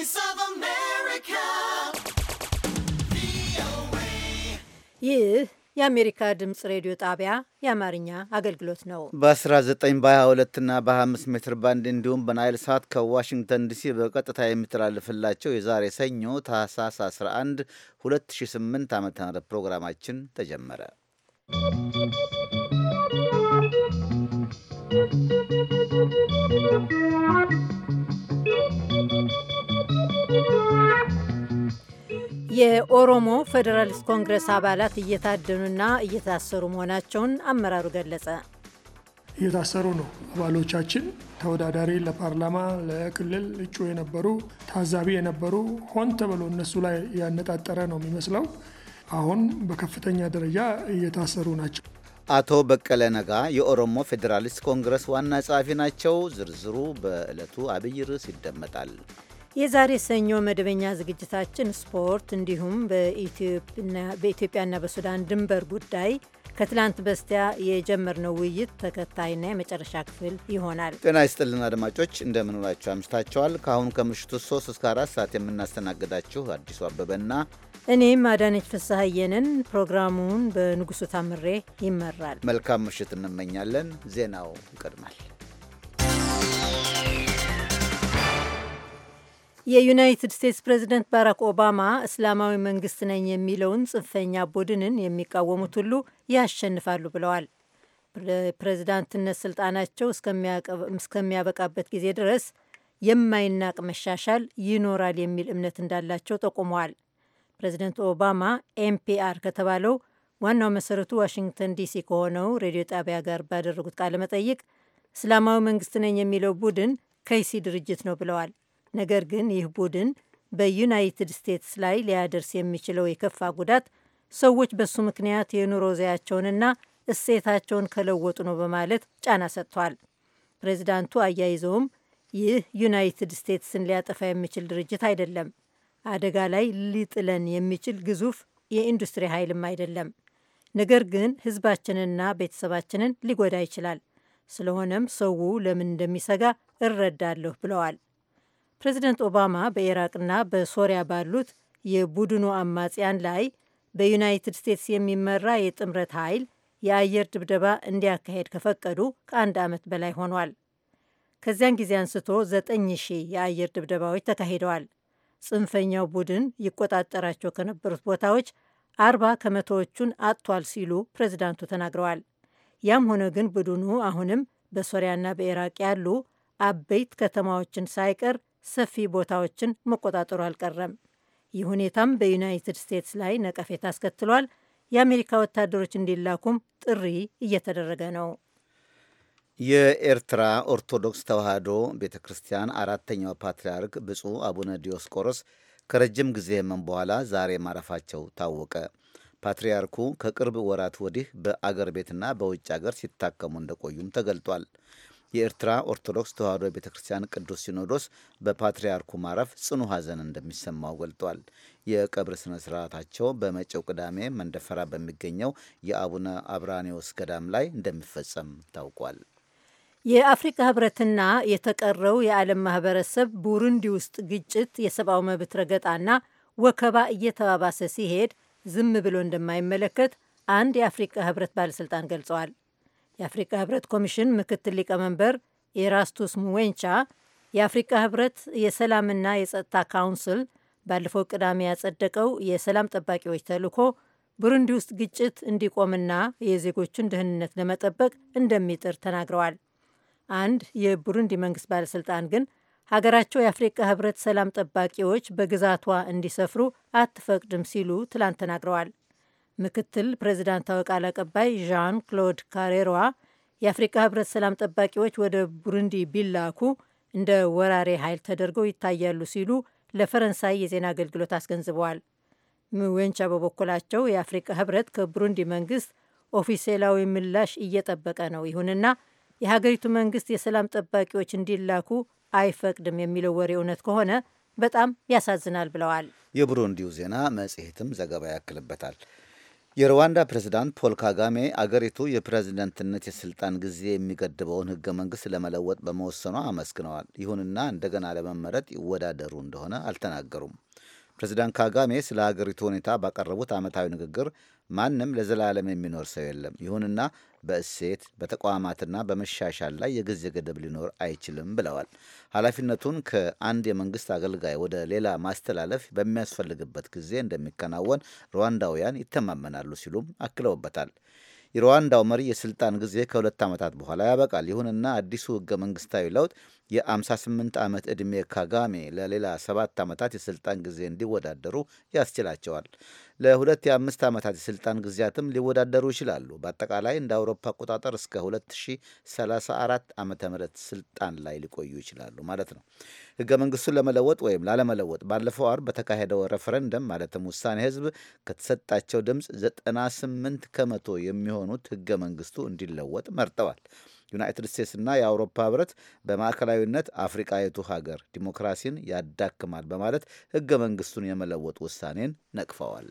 Voice of America. ይህ የአሜሪካ ድምፅ ሬዲዮ ጣቢያ የአማርኛ አገልግሎት ነው። በ19 በ22 እና በ25 ሜትር ባንድ እንዲሁም በናይል ሳት ከዋሽንግተን ዲሲ በቀጥታ የሚተላልፍላቸው የዛሬ ሰኞ ታህሳስ 11 2008 ዓ ም ፕሮግራማችን ተጀመረ። የኦሮሞ ፌዴራሊስት ኮንግረስ አባላት እየታደኑና እየታሰሩ መሆናቸውን አመራሩ ገለጸ። እየታሰሩ ነው። አባሎቻችን ተወዳዳሪ ለፓርላማ ለክልል እጩ የነበሩ ታዛቢ የነበሩ ሆን ተብሎ እነሱ ላይ ያነጣጠረ ነው የሚመስለው። አሁን በከፍተኛ ደረጃ እየታሰሩ ናቸው። አቶ በቀለ ነጋ የኦሮሞ ፌዴራሊስት ኮንግረስ ዋና ጸሐፊ ናቸው። ዝርዝሩ በዕለቱ አብይ ርዕስ ይደመጣል። የዛሬ ሰኞ መደበኛ ዝግጅታችን ስፖርት እንዲሁም በኢትዮጵያና በሱዳን ድንበር ጉዳይ ከትላንት በስቲያ የጀመርነው ውይይት ተከታይና የመጨረሻ ክፍል ይሆናል። ጤና ይስጥልን አድማጮች፣ እንደምንውላችሁ አምሽታቸዋል። ከአሁን ከምሽቱ 3 እስከ 4 ሰዓት የምናስተናግዳችሁ አዲሱ አበበና እኔም አዳነች ፍስሐየንን። ፕሮግራሙን በንጉሱ ታምሬ ይመራል። መልካም ምሽት እንመኛለን። ዜናው ይቀድማል። የዩናይትድ ስቴትስ ፕሬዚደንት ባራክ ኦባማ እስላማዊ መንግስት ነኝ የሚለውን ጽንፈኛ ቡድንን የሚቃወሙት ሁሉ ያሸንፋሉ ብለዋል። ፕሬዚዳንትነት ስልጣናቸው እስከሚያበቃበት ጊዜ ድረስ የማይናቅ መሻሻል ይኖራል የሚል እምነት እንዳላቸው ጠቁመዋል። ፕሬዚደንት ኦባማ ኤምፒአር ከተባለው ዋናው መሰረቱ ዋሽንግተን ዲሲ ከሆነው ሬዲዮ ጣቢያ ጋር ባደረጉት ቃለ መጠይቅ እስላማዊ መንግስት ነኝ የሚለው ቡድን ከይሲ ድርጅት ነው ብለዋል። ነገር ግን ይህ ቡድን በዩናይትድ ስቴትስ ላይ ሊያደርስ የሚችለው የከፋ ጉዳት ሰዎች በሱ ምክንያት የኑሮ ዘያቸውንና እሴታቸውን ከለወጡ ነው በማለት ጫና ሰጥቷል። ፕሬዚዳንቱ አያይዘውም ይህ ዩናይትድ ስቴትስን ሊያጠፋ የሚችል ድርጅት አይደለም፣ አደጋ ላይ ሊጥለን የሚችል ግዙፍ የኢንዱስትሪ ኃይልም አይደለም። ነገር ግን ሕዝባችንንና ቤተሰባችንን ሊጎዳ ይችላል። ስለሆነም ሰው ለምን እንደሚሰጋ እረዳለሁ ብለዋል። ፕሬዚደንት ኦባማ በኢራቅና በሶሪያ ባሉት የቡድኑ አማጽያን ላይ በዩናይትድ ስቴትስ የሚመራ የጥምረት ኃይል የአየር ድብደባ እንዲያካሄድ ከፈቀዱ ከአንድ ዓመት በላይ ሆኗል። ከዚያን ጊዜ አንስቶ ዘጠኝ ሺህ የአየር ድብደባዎች ተካሂደዋል። ጽንፈኛው ቡድን ይቆጣጠራቸው ከነበሩት ቦታዎች አርባ ከመቶዎቹን አጥቷል ሲሉ ፕሬዚዳንቱ ተናግረዋል። ያም ሆነ ግን ቡድኑ አሁንም በሶሪያና በኢራቅ ያሉ አበይት ከተማዎችን ሳይቀር ሰፊ ቦታዎችን መቆጣጠሩ አልቀረም። ይህ ሁኔታም በዩናይትድ ስቴትስ ላይ ነቀፌታ አስከትሏል። የአሜሪካ ወታደሮች እንዲላኩም ጥሪ እየተደረገ ነው። የኤርትራ ኦርቶዶክስ ተዋህዶ ቤተ ክርስቲያን አራተኛው ፓትርያርክ ብፁዕ አቡነ ዲዮስቆሮስ ከረጅም ጊዜ ሕመም በኋላ ዛሬ ማረፋቸው ታወቀ። ፓትርያርኩ ከቅርብ ወራት ወዲህ በአገር ቤትና በውጭ አገር ሲታከሙ እንደቆዩም ተገልጧል። የኤርትራ ኦርቶዶክስ ተዋሕዶ ቤተ ክርስቲያን ቅዱስ ሲኖዶስ በፓትርያርኩ ማረፍ ጽኑ ሐዘን እንደሚሰማው ገልጧል። የቀብር ስነ ስርዓታቸው በመጪው ቅዳሜ መንደፈራ በሚገኘው የአቡነ አብራኔዎስ ገዳም ላይ እንደሚፈጸም ታውቋል። የአፍሪካ ህብረትና የተቀረው የዓለም ማህበረሰብ ቡሩንዲ ውስጥ ግጭት፣ የሰብአዊ መብት ረገጣና ወከባ እየተባባሰ ሲሄድ ዝም ብሎ እንደማይመለከት አንድ የአፍሪካ ህብረት ባለሥልጣን ገልጸዋል። የአፍሪካ ህብረት ኮሚሽን ምክትል ሊቀመንበር ኤራስቱስ ሙዌንቻ የአፍሪካ ህብረት የሰላምና የጸጥታ ካውንስል ባለፈው ቅዳሜ ያጸደቀው የሰላም ጠባቂዎች ተልኮ ብሩንዲ ውስጥ ግጭት እንዲቆምና የዜጎቹን ደህንነት ለመጠበቅ እንደሚጥር ተናግረዋል። አንድ የቡሩንዲ መንግስት ባለሥልጣን ግን ሀገራቸው የአፍሪካ ህብረት ሰላም ጠባቂዎች በግዛቷ እንዲሰፍሩ አትፈቅድም ሲሉ ትላንት ተናግረዋል። ምክትል ፕሬዚዳንታዊ ቃል አቀባይ ዣን ክሎድ ካሬሯ የአፍሪካ ህብረት ሰላም ጠባቂዎች ወደ ቡሩንዲ ቢላኩ እንደ ወራሪ ኃይል ተደርገው ይታያሉ ሲሉ ለፈረንሳይ የዜና አገልግሎት አስገንዝበዋል። ምወንቻ በበኩላቸው የአፍሪካ ህብረት ከቡሩንዲ መንግስት ኦፊሴላዊ ምላሽ እየጠበቀ ነው፣ ይሁንና የሀገሪቱ መንግስት የሰላም ጠባቂዎች እንዲላኩ አይፈቅድም የሚለው ወሬ እውነት ከሆነ በጣም ያሳዝናል ብለዋል። የቡሩንዲው ዜና መጽሔትም ዘገባ ያክልበታል። የሩዋንዳ ፕሬዝዳንት ፖል ካጋሜ አገሪቱ የፕሬዝደንትነት የስልጣን ጊዜ የሚገድበውን ህገ መንግስት ለመለወጥ በመወሰኗ አመስግነዋል። ይሁንና እንደገና ለመመረጥ ይወዳደሩ እንደሆነ አልተናገሩም። ፕሬዝዳንት ካጋሜ ስለ ሀገሪቱ ሁኔታ ባቀረቡት ዓመታዊ ንግግር ማንም ለዘላለም የሚኖር ሰው የለም፣ ይሁንና በእሴት በተቋማትና በመሻሻል ላይ የጊዜ ገደብ ሊኖር አይችልም ብለዋል። ኃላፊነቱን ከአንድ የመንግስት አገልጋይ ወደ ሌላ ማስተላለፍ በሚያስፈልግበት ጊዜ እንደሚከናወን ሩዋንዳውያን ይተማመናሉ ሲሉም አክለውበታል። የሩዋንዳው መሪ የስልጣን ጊዜ ከሁለት ዓመታት በኋላ ያበቃል። ይሁንና አዲሱ ህገ መንግስታዊ ለውጥ የ58 ዓመት ዕድሜ ካጋሜ ለሌላ ሰባት ዓመታት የሥልጣን ጊዜ እንዲወዳደሩ ያስችላቸዋል። ለሁለት የአምስት ዓመታት የሥልጣን ጊዜያትም ሊወዳደሩ ይችላሉ። በአጠቃላይ እንደ አውሮፓ አቆጣጠር እስከ 2034 ዓ ም ስልጣን ላይ ሊቆዩ ይችላሉ ማለት ነው። ሕገ መንግሥቱን ለመለወጥ ወይም ላለመለወጥ ባለፈው አርብ በተካሄደው ሬፈረንደም ማለትም ውሳኔ ሕዝብ ከተሰጣቸው ድምፅ 98 ከመቶ የሚሆኑት ሕገ መንግሥቱ እንዲለወጥ መርጠዋል። ዩናይትድ ስቴትስና የአውሮፓ ህብረት በማዕከላዊነት አፍሪቃዊቱ ሀገር ዲሞክራሲን ያዳክማል በማለት ህገ መንግስቱን የመለወጥ ውሳኔን ነቅፈዋል።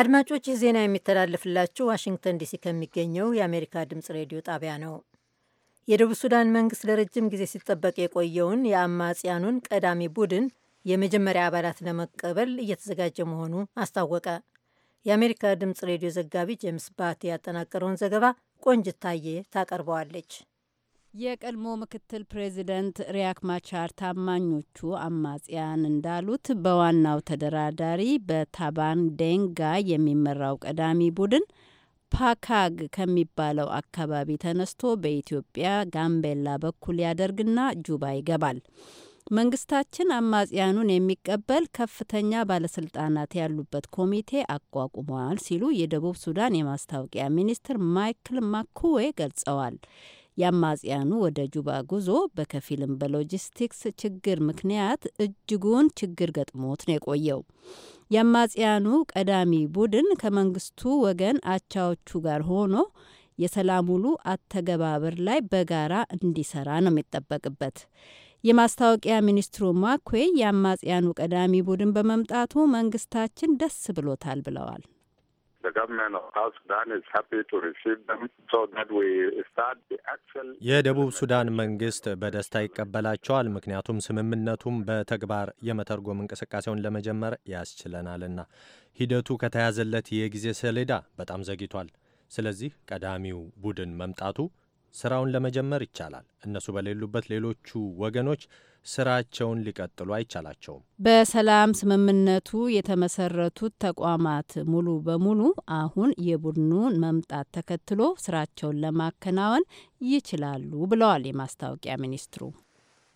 አድማጮች ይህ ዜና የሚተላለፍላችሁ ዋሽንግተን ዲሲ ከሚገኘው የአሜሪካ ድምጽ ሬዲዮ ጣቢያ ነው። የደቡብ ሱዳን መንግስት ለረጅም ጊዜ ሲጠበቅ የቆየውን የአማጽያኑን ቀዳሚ ቡድን የመጀመሪያ አባላት ለመቀበል እየተዘጋጀ መሆኑ አስታወቀ። የአሜሪካ ድምፅ ሬዲዮ ዘጋቢ ጄምስ ባቲ ያጠናቀረውን ዘገባ ቆንጅታዬ ታቀርበዋለች። የቀድሞ ምክትል ፕሬዚደንት ሪያክ ማቻር ታማኞቹ አማጽያን እንዳሉት በዋናው ተደራዳሪ በታባን ዴንጋ የሚመራው ቀዳሚ ቡድን ፓካግ ከሚባለው አካባቢ ተነስቶ በኢትዮጵያ ጋምቤላ በኩል ያደርግና ጁባ ይገባል። መንግስታችን አማጽያኑን የሚቀበል ከፍተኛ ባለስልጣናት ያሉበት ኮሚቴ አቋቁመዋል ሲሉ የደቡብ ሱዳን የማስታወቂያ ሚኒስትር ማይክል ማኩዌ ገልጸዋል። የአማጽያኑ ወደ ጁባ ጉዞ በከፊልም በሎጂስቲክስ ችግር ምክንያት እጅጉን ችግር ገጥሞት ነው የቆየው። የአማጽያኑ ቀዳሚ ቡድን ከመንግስቱ ወገን አቻዎቹ ጋር ሆኖ የሰላም ውሉ አተገባበር ላይ በጋራ እንዲሰራ ነው የሚጠበቅበት። የማስታወቂያ ሚኒስትሩ ማኩዌ የአማጽያኑ ቀዳሚ ቡድን በመምጣቱ መንግስታችን ደስ ብሎታል ብለዋል። የደቡብ ሱዳን መንግስት በደስታ ይቀበላቸዋል። ምክንያቱም ስምምነቱም በተግባር የመተርጎም እንቅስቃሴውን ለመጀመር ያስችለናልና ሂደቱ ከተያዘለት የጊዜ ሰሌዳ በጣም ዘግይቷል። ስለዚህ ቀዳሚው ቡድን መምጣቱ ስራውን ለመጀመር ይቻላል። እነሱ በሌሉበት ሌሎቹ ወገኖች ስራቸውን ሊቀጥሉ አይቻላቸውም። በሰላም ስምምነቱ የተመሰረቱት ተቋማት ሙሉ በሙሉ አሁን የቡድኑን መምጣት ተከትሎ ስራቸውን ለማከናወን ይችላሉ ብለዋል የማስታወቂያ ሚኒስትሩ።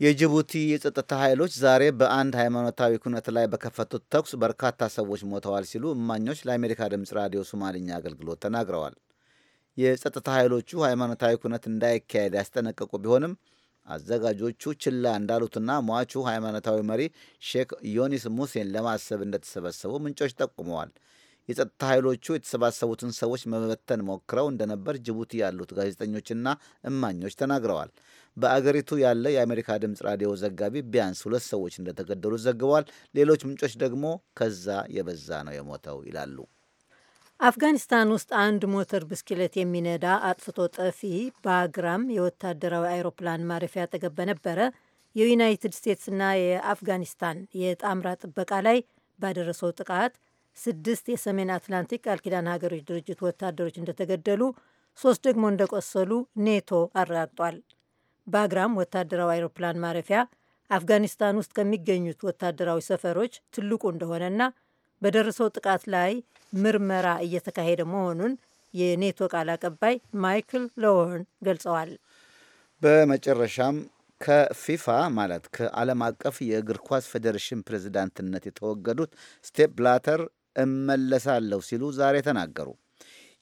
የጅቡቲ የጸጥታ ኃይሎች ዛሬ በአንድ ሃይማኖታዊ ኩነት ላይ በከፈቱት ተኩስ በርካታ ሰዎች ሞተዋል ሲሉ እማኞች ለአሜሪካ ድምፅ ራዲዮ ሶማሊኛ አገልግሎት ተናግረዋል። የጸጥታ ኃይሎቹ ሃይማኖታዊ ኩነት እንዳይካሄድ ያስጠነቀቁ ቢሆንም አዘጋጆቹ ችላ እንዳሉትና ሟቹ ሃይማኖታዊ መሪ ሼክ ዮኒስ ሙሴን ለማሰብ እንደተሰበሰቡ ምንጮች ጠቁመዋል። የጸጥታ ኃይሎቹ የተሰባሰቡትን ሰዎች መበተን ሞክረው እንደነበር ጅቡቲ ያሉት ጋዜጠኞችና እማኞች ተናግረዋል። በአገሪቱ ያለ የአሜሪካ ድምፅ ራዲዮ ዘጋቢ ቢያንስ ሁለት ሰዎች እንደተገደሉ ዘግቧል። ሌሎች ምንጮች ደግሞ ከዛ የበዛ ነው የሞተው ይላሉ። አፍጋኒስታን ውስጥ አንድ ሞተር ብስክሌት የሚነዳ አጥፍቶ ጠፊ ባግራም የወታደራዊ አይሮፕላን ማረፊያ አጠገብ በነበረ የዩናይትድ ስቴትስና የአፍጋኒስታን የጣምራ ጥበቃ ላይ ባደረሰው ጥቃት ስድስት የሰሜን አትላንቲክ ቃል ኪዳን ሀገሮች ድርጅት ወታደሮች እንደተገደሉ፣ ሶስት ደግሞ እንደቆሰሉ ኔቶ አረጋግጧል። ባግራም ወታደራዊ አይሮፕላን ማረፊያ አፍጋኒስታን ውስጥ ከሚገኙት ወታደራዊ ሰፈሮች ትልቁ እንደሆነና በደረሰው ጥቃት ላይ ምርመራ እየተካሄደ መሆኑን የኔቶ ቃል አቀባይ ማይክል ሎወርን ገልጸዋል። በመጨረሻም ከፊፋ ማለት ከዓለም አቀፍ የእግር ኳስ ፌዴሬሽን ፕሬዚዳንትነት የተወገዱት ስቴፕ ብላተር እመለሳለሁ ሲሉ ዛሬ ተናገሩ።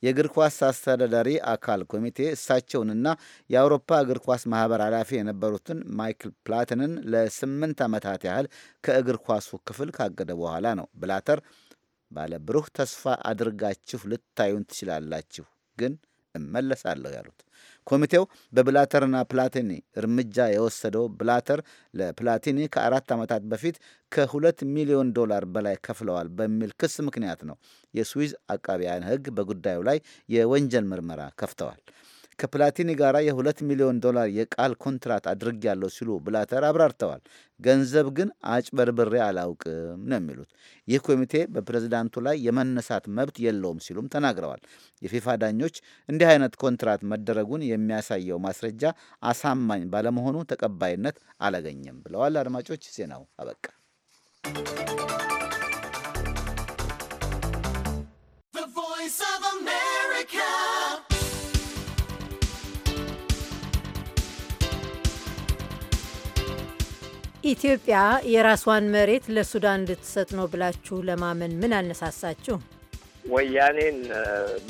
የእግር ኳስ አስተዳዳሪ አካል ኮሚቴ እሳቸውንና የአውሮፓ እግር ኳስ ማህበር ኃላፊ የነበሩትን ማይክል ፕላትንን ለስምንት ዓመታት ያህል ከእግር ኳሱ ክፍል ካገደ በኋላ ነው ብላተር ባለ ብሩህ ተስፋ አድርጋችሁ ልታዩን ትችላላችሁ፣ ግን እመለሳለሁ ያሉት። ኮሚቴው በብላተርና ፕላቲኒ እርምጃ የወሰደው ብላተር ለፕላቲኒ ከአራት ዓመታት በፊት ከሁለት ሚሊዮን ዶላር በላይ ከፍለዋል በሚል ክስ ምክንያት ነው። የስዊዝ አቃቢያን ሕግ በጉዳዩ ላይ የወንጀል ምርመራ ከፍተዋል። ከፕላቲኒ ጋር የሁለት ሚሊዮን ዶላር የቃል ኮንትራት ያለው ሲሉ ብላተር አብራርተዋል። ገንዘብ ግን አጭበርብሬ አላውቅም ነው የሚሉት። ይህ ኮሚቴ በፕሬዝዳንቱ ላይ የመነሳት መብት የለውም ሲሉም ተናግረዋል። የፊፋ ዳኞች እንዲህ አይነት ኮንትራት መደረጉን የሚያሳየው ማስረጃ አሳማኝ ባለመሆኑ ተቀባይነት አላገኘም ብለዋል። አድማጮች ዜናው አበቃ። ኢትዮጵያ የራሷን መሬት ለሱዳን እንድትሰጥ ነው ብላችሁ ለማመን ምን አነሳሳችሁ? ወያኔን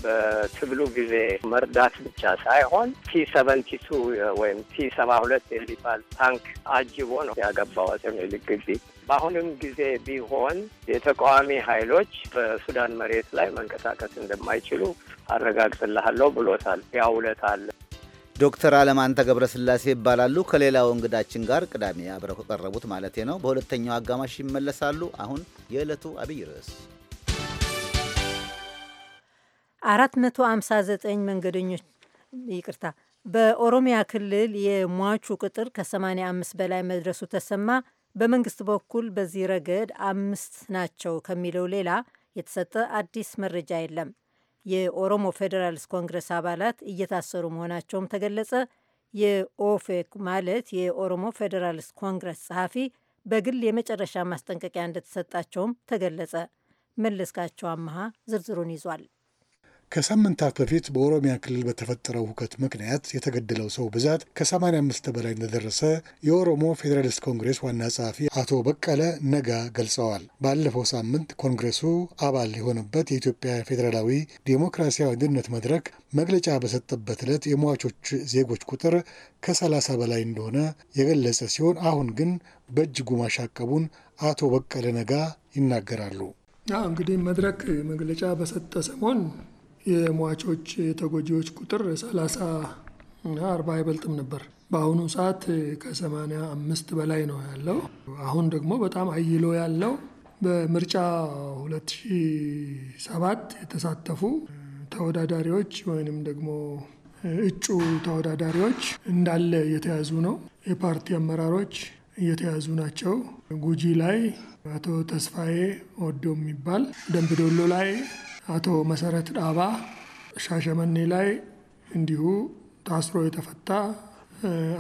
በትግሉ ጊዜ መርዳት ብቻ ሳይሆን ቲ ሰቨንቲ ቱ ወይም ቲ ሰባ ሁለት የሚባል ታንክ አጅቦ ነው ያገባዋት የሚልግ ጊዜ በአሁንም ጊዜ ቢሆን የተቃዋሚ ኃይሎች በሱዳን መሬት ላይ መንቀሳቀስ እንደማይችሉ አረጋግጥልሃለሁ ብሎታል። ያውለታል ዶክተር አለማንተ ገብረስላሴ ይባላሉ። ከሌላው እንግዳችን ጋር ቅዳሜ አብረው ከቀረቡት ማለቴ ነው። በሁለተኛው አጋማሽ ይመለሳሉ። አሁን የዕለቱ አብይ ርዕስ 459 መንገደኞች ይቅርታ፣ በኦሮሚያ ክልል የሟቹ ቁጥር ከ85 በላይ መድረሱ ተሰማ። በመንግስት በኩል በዚህ ረገድ አምስት ናቸው ከሚለው ሌላ የተሰጠ አዲስ መረጃ የለም። የኦሮሞ ፌዴራልስ ኮንግረስ አባላት እየታሰሩ መሆናቸውም ተገለጸ። የኦፌክ ማለት የኦሮሞ ፌዴራልስ ኮንግረስ ጸሐፊ በግል የመጨረሻ ማስጠንቀቂያ እንደተሰጣቸውም ተገለጸ። መለስካቸው አመሃ ዝርዝሩን ይዟል። ከሳምንታት በፊት በኦሮሚያ ክልል በተፈጠረው ሁከት ምክንያት የተገደለው ሰው ብዛት ከ85 በላይ እንደደረሰ የኦሮሞ ፌዴራሊስት ኮንግሬስ ዋና ጸሐፊ አቶ በቀለ ነጋ ገልጸዋል። ባለፈው ሳምንት ኮንግሬሱ አባል የሆነበት የኢትዮጵያ ፌዴራላዊ ዴሞክራሲያዊ አንድነት መድረክ መግለጫ በሰጠበት ዕለት የሟቾች ዜጎች ቁጥር ከ30 በላይ እንደሆነ የገለጸ ሲሆን አሁን ግን በእጅጉ ማሻቀቡን አቶ በቀለ ነጋ ይናገራሉ። እንግዲህ መድረክ መግለጫ በሰጠ ሰሞን የሟቾች የተጎጂዎች ቁጥር 30 እና 40 አይበልጥም ነበር። በአሁኑ ሰዓት ከሰማንያ አምስት በላይ ነው ያለው። አሁን ደግሞ በጣም አይሎ ያለው በምርጫ 2007 የተሳተፉ ተወዳዳሪዎች ወይንም ደግሞ እጩ ተወዳዳሪዎች እንዳለ እየተያዙ ነው። የፓርቲ አመራሮች እየተያዙ ናቸው። ጉጂ ላይ አቶ ተስፋዬ ወዶ የሚባል ደንብ ዶሎ ላይ አቶ መሰረት ዳባ ሻሸመኔ ላይ እንዲሁ ታስሮ የተፈታ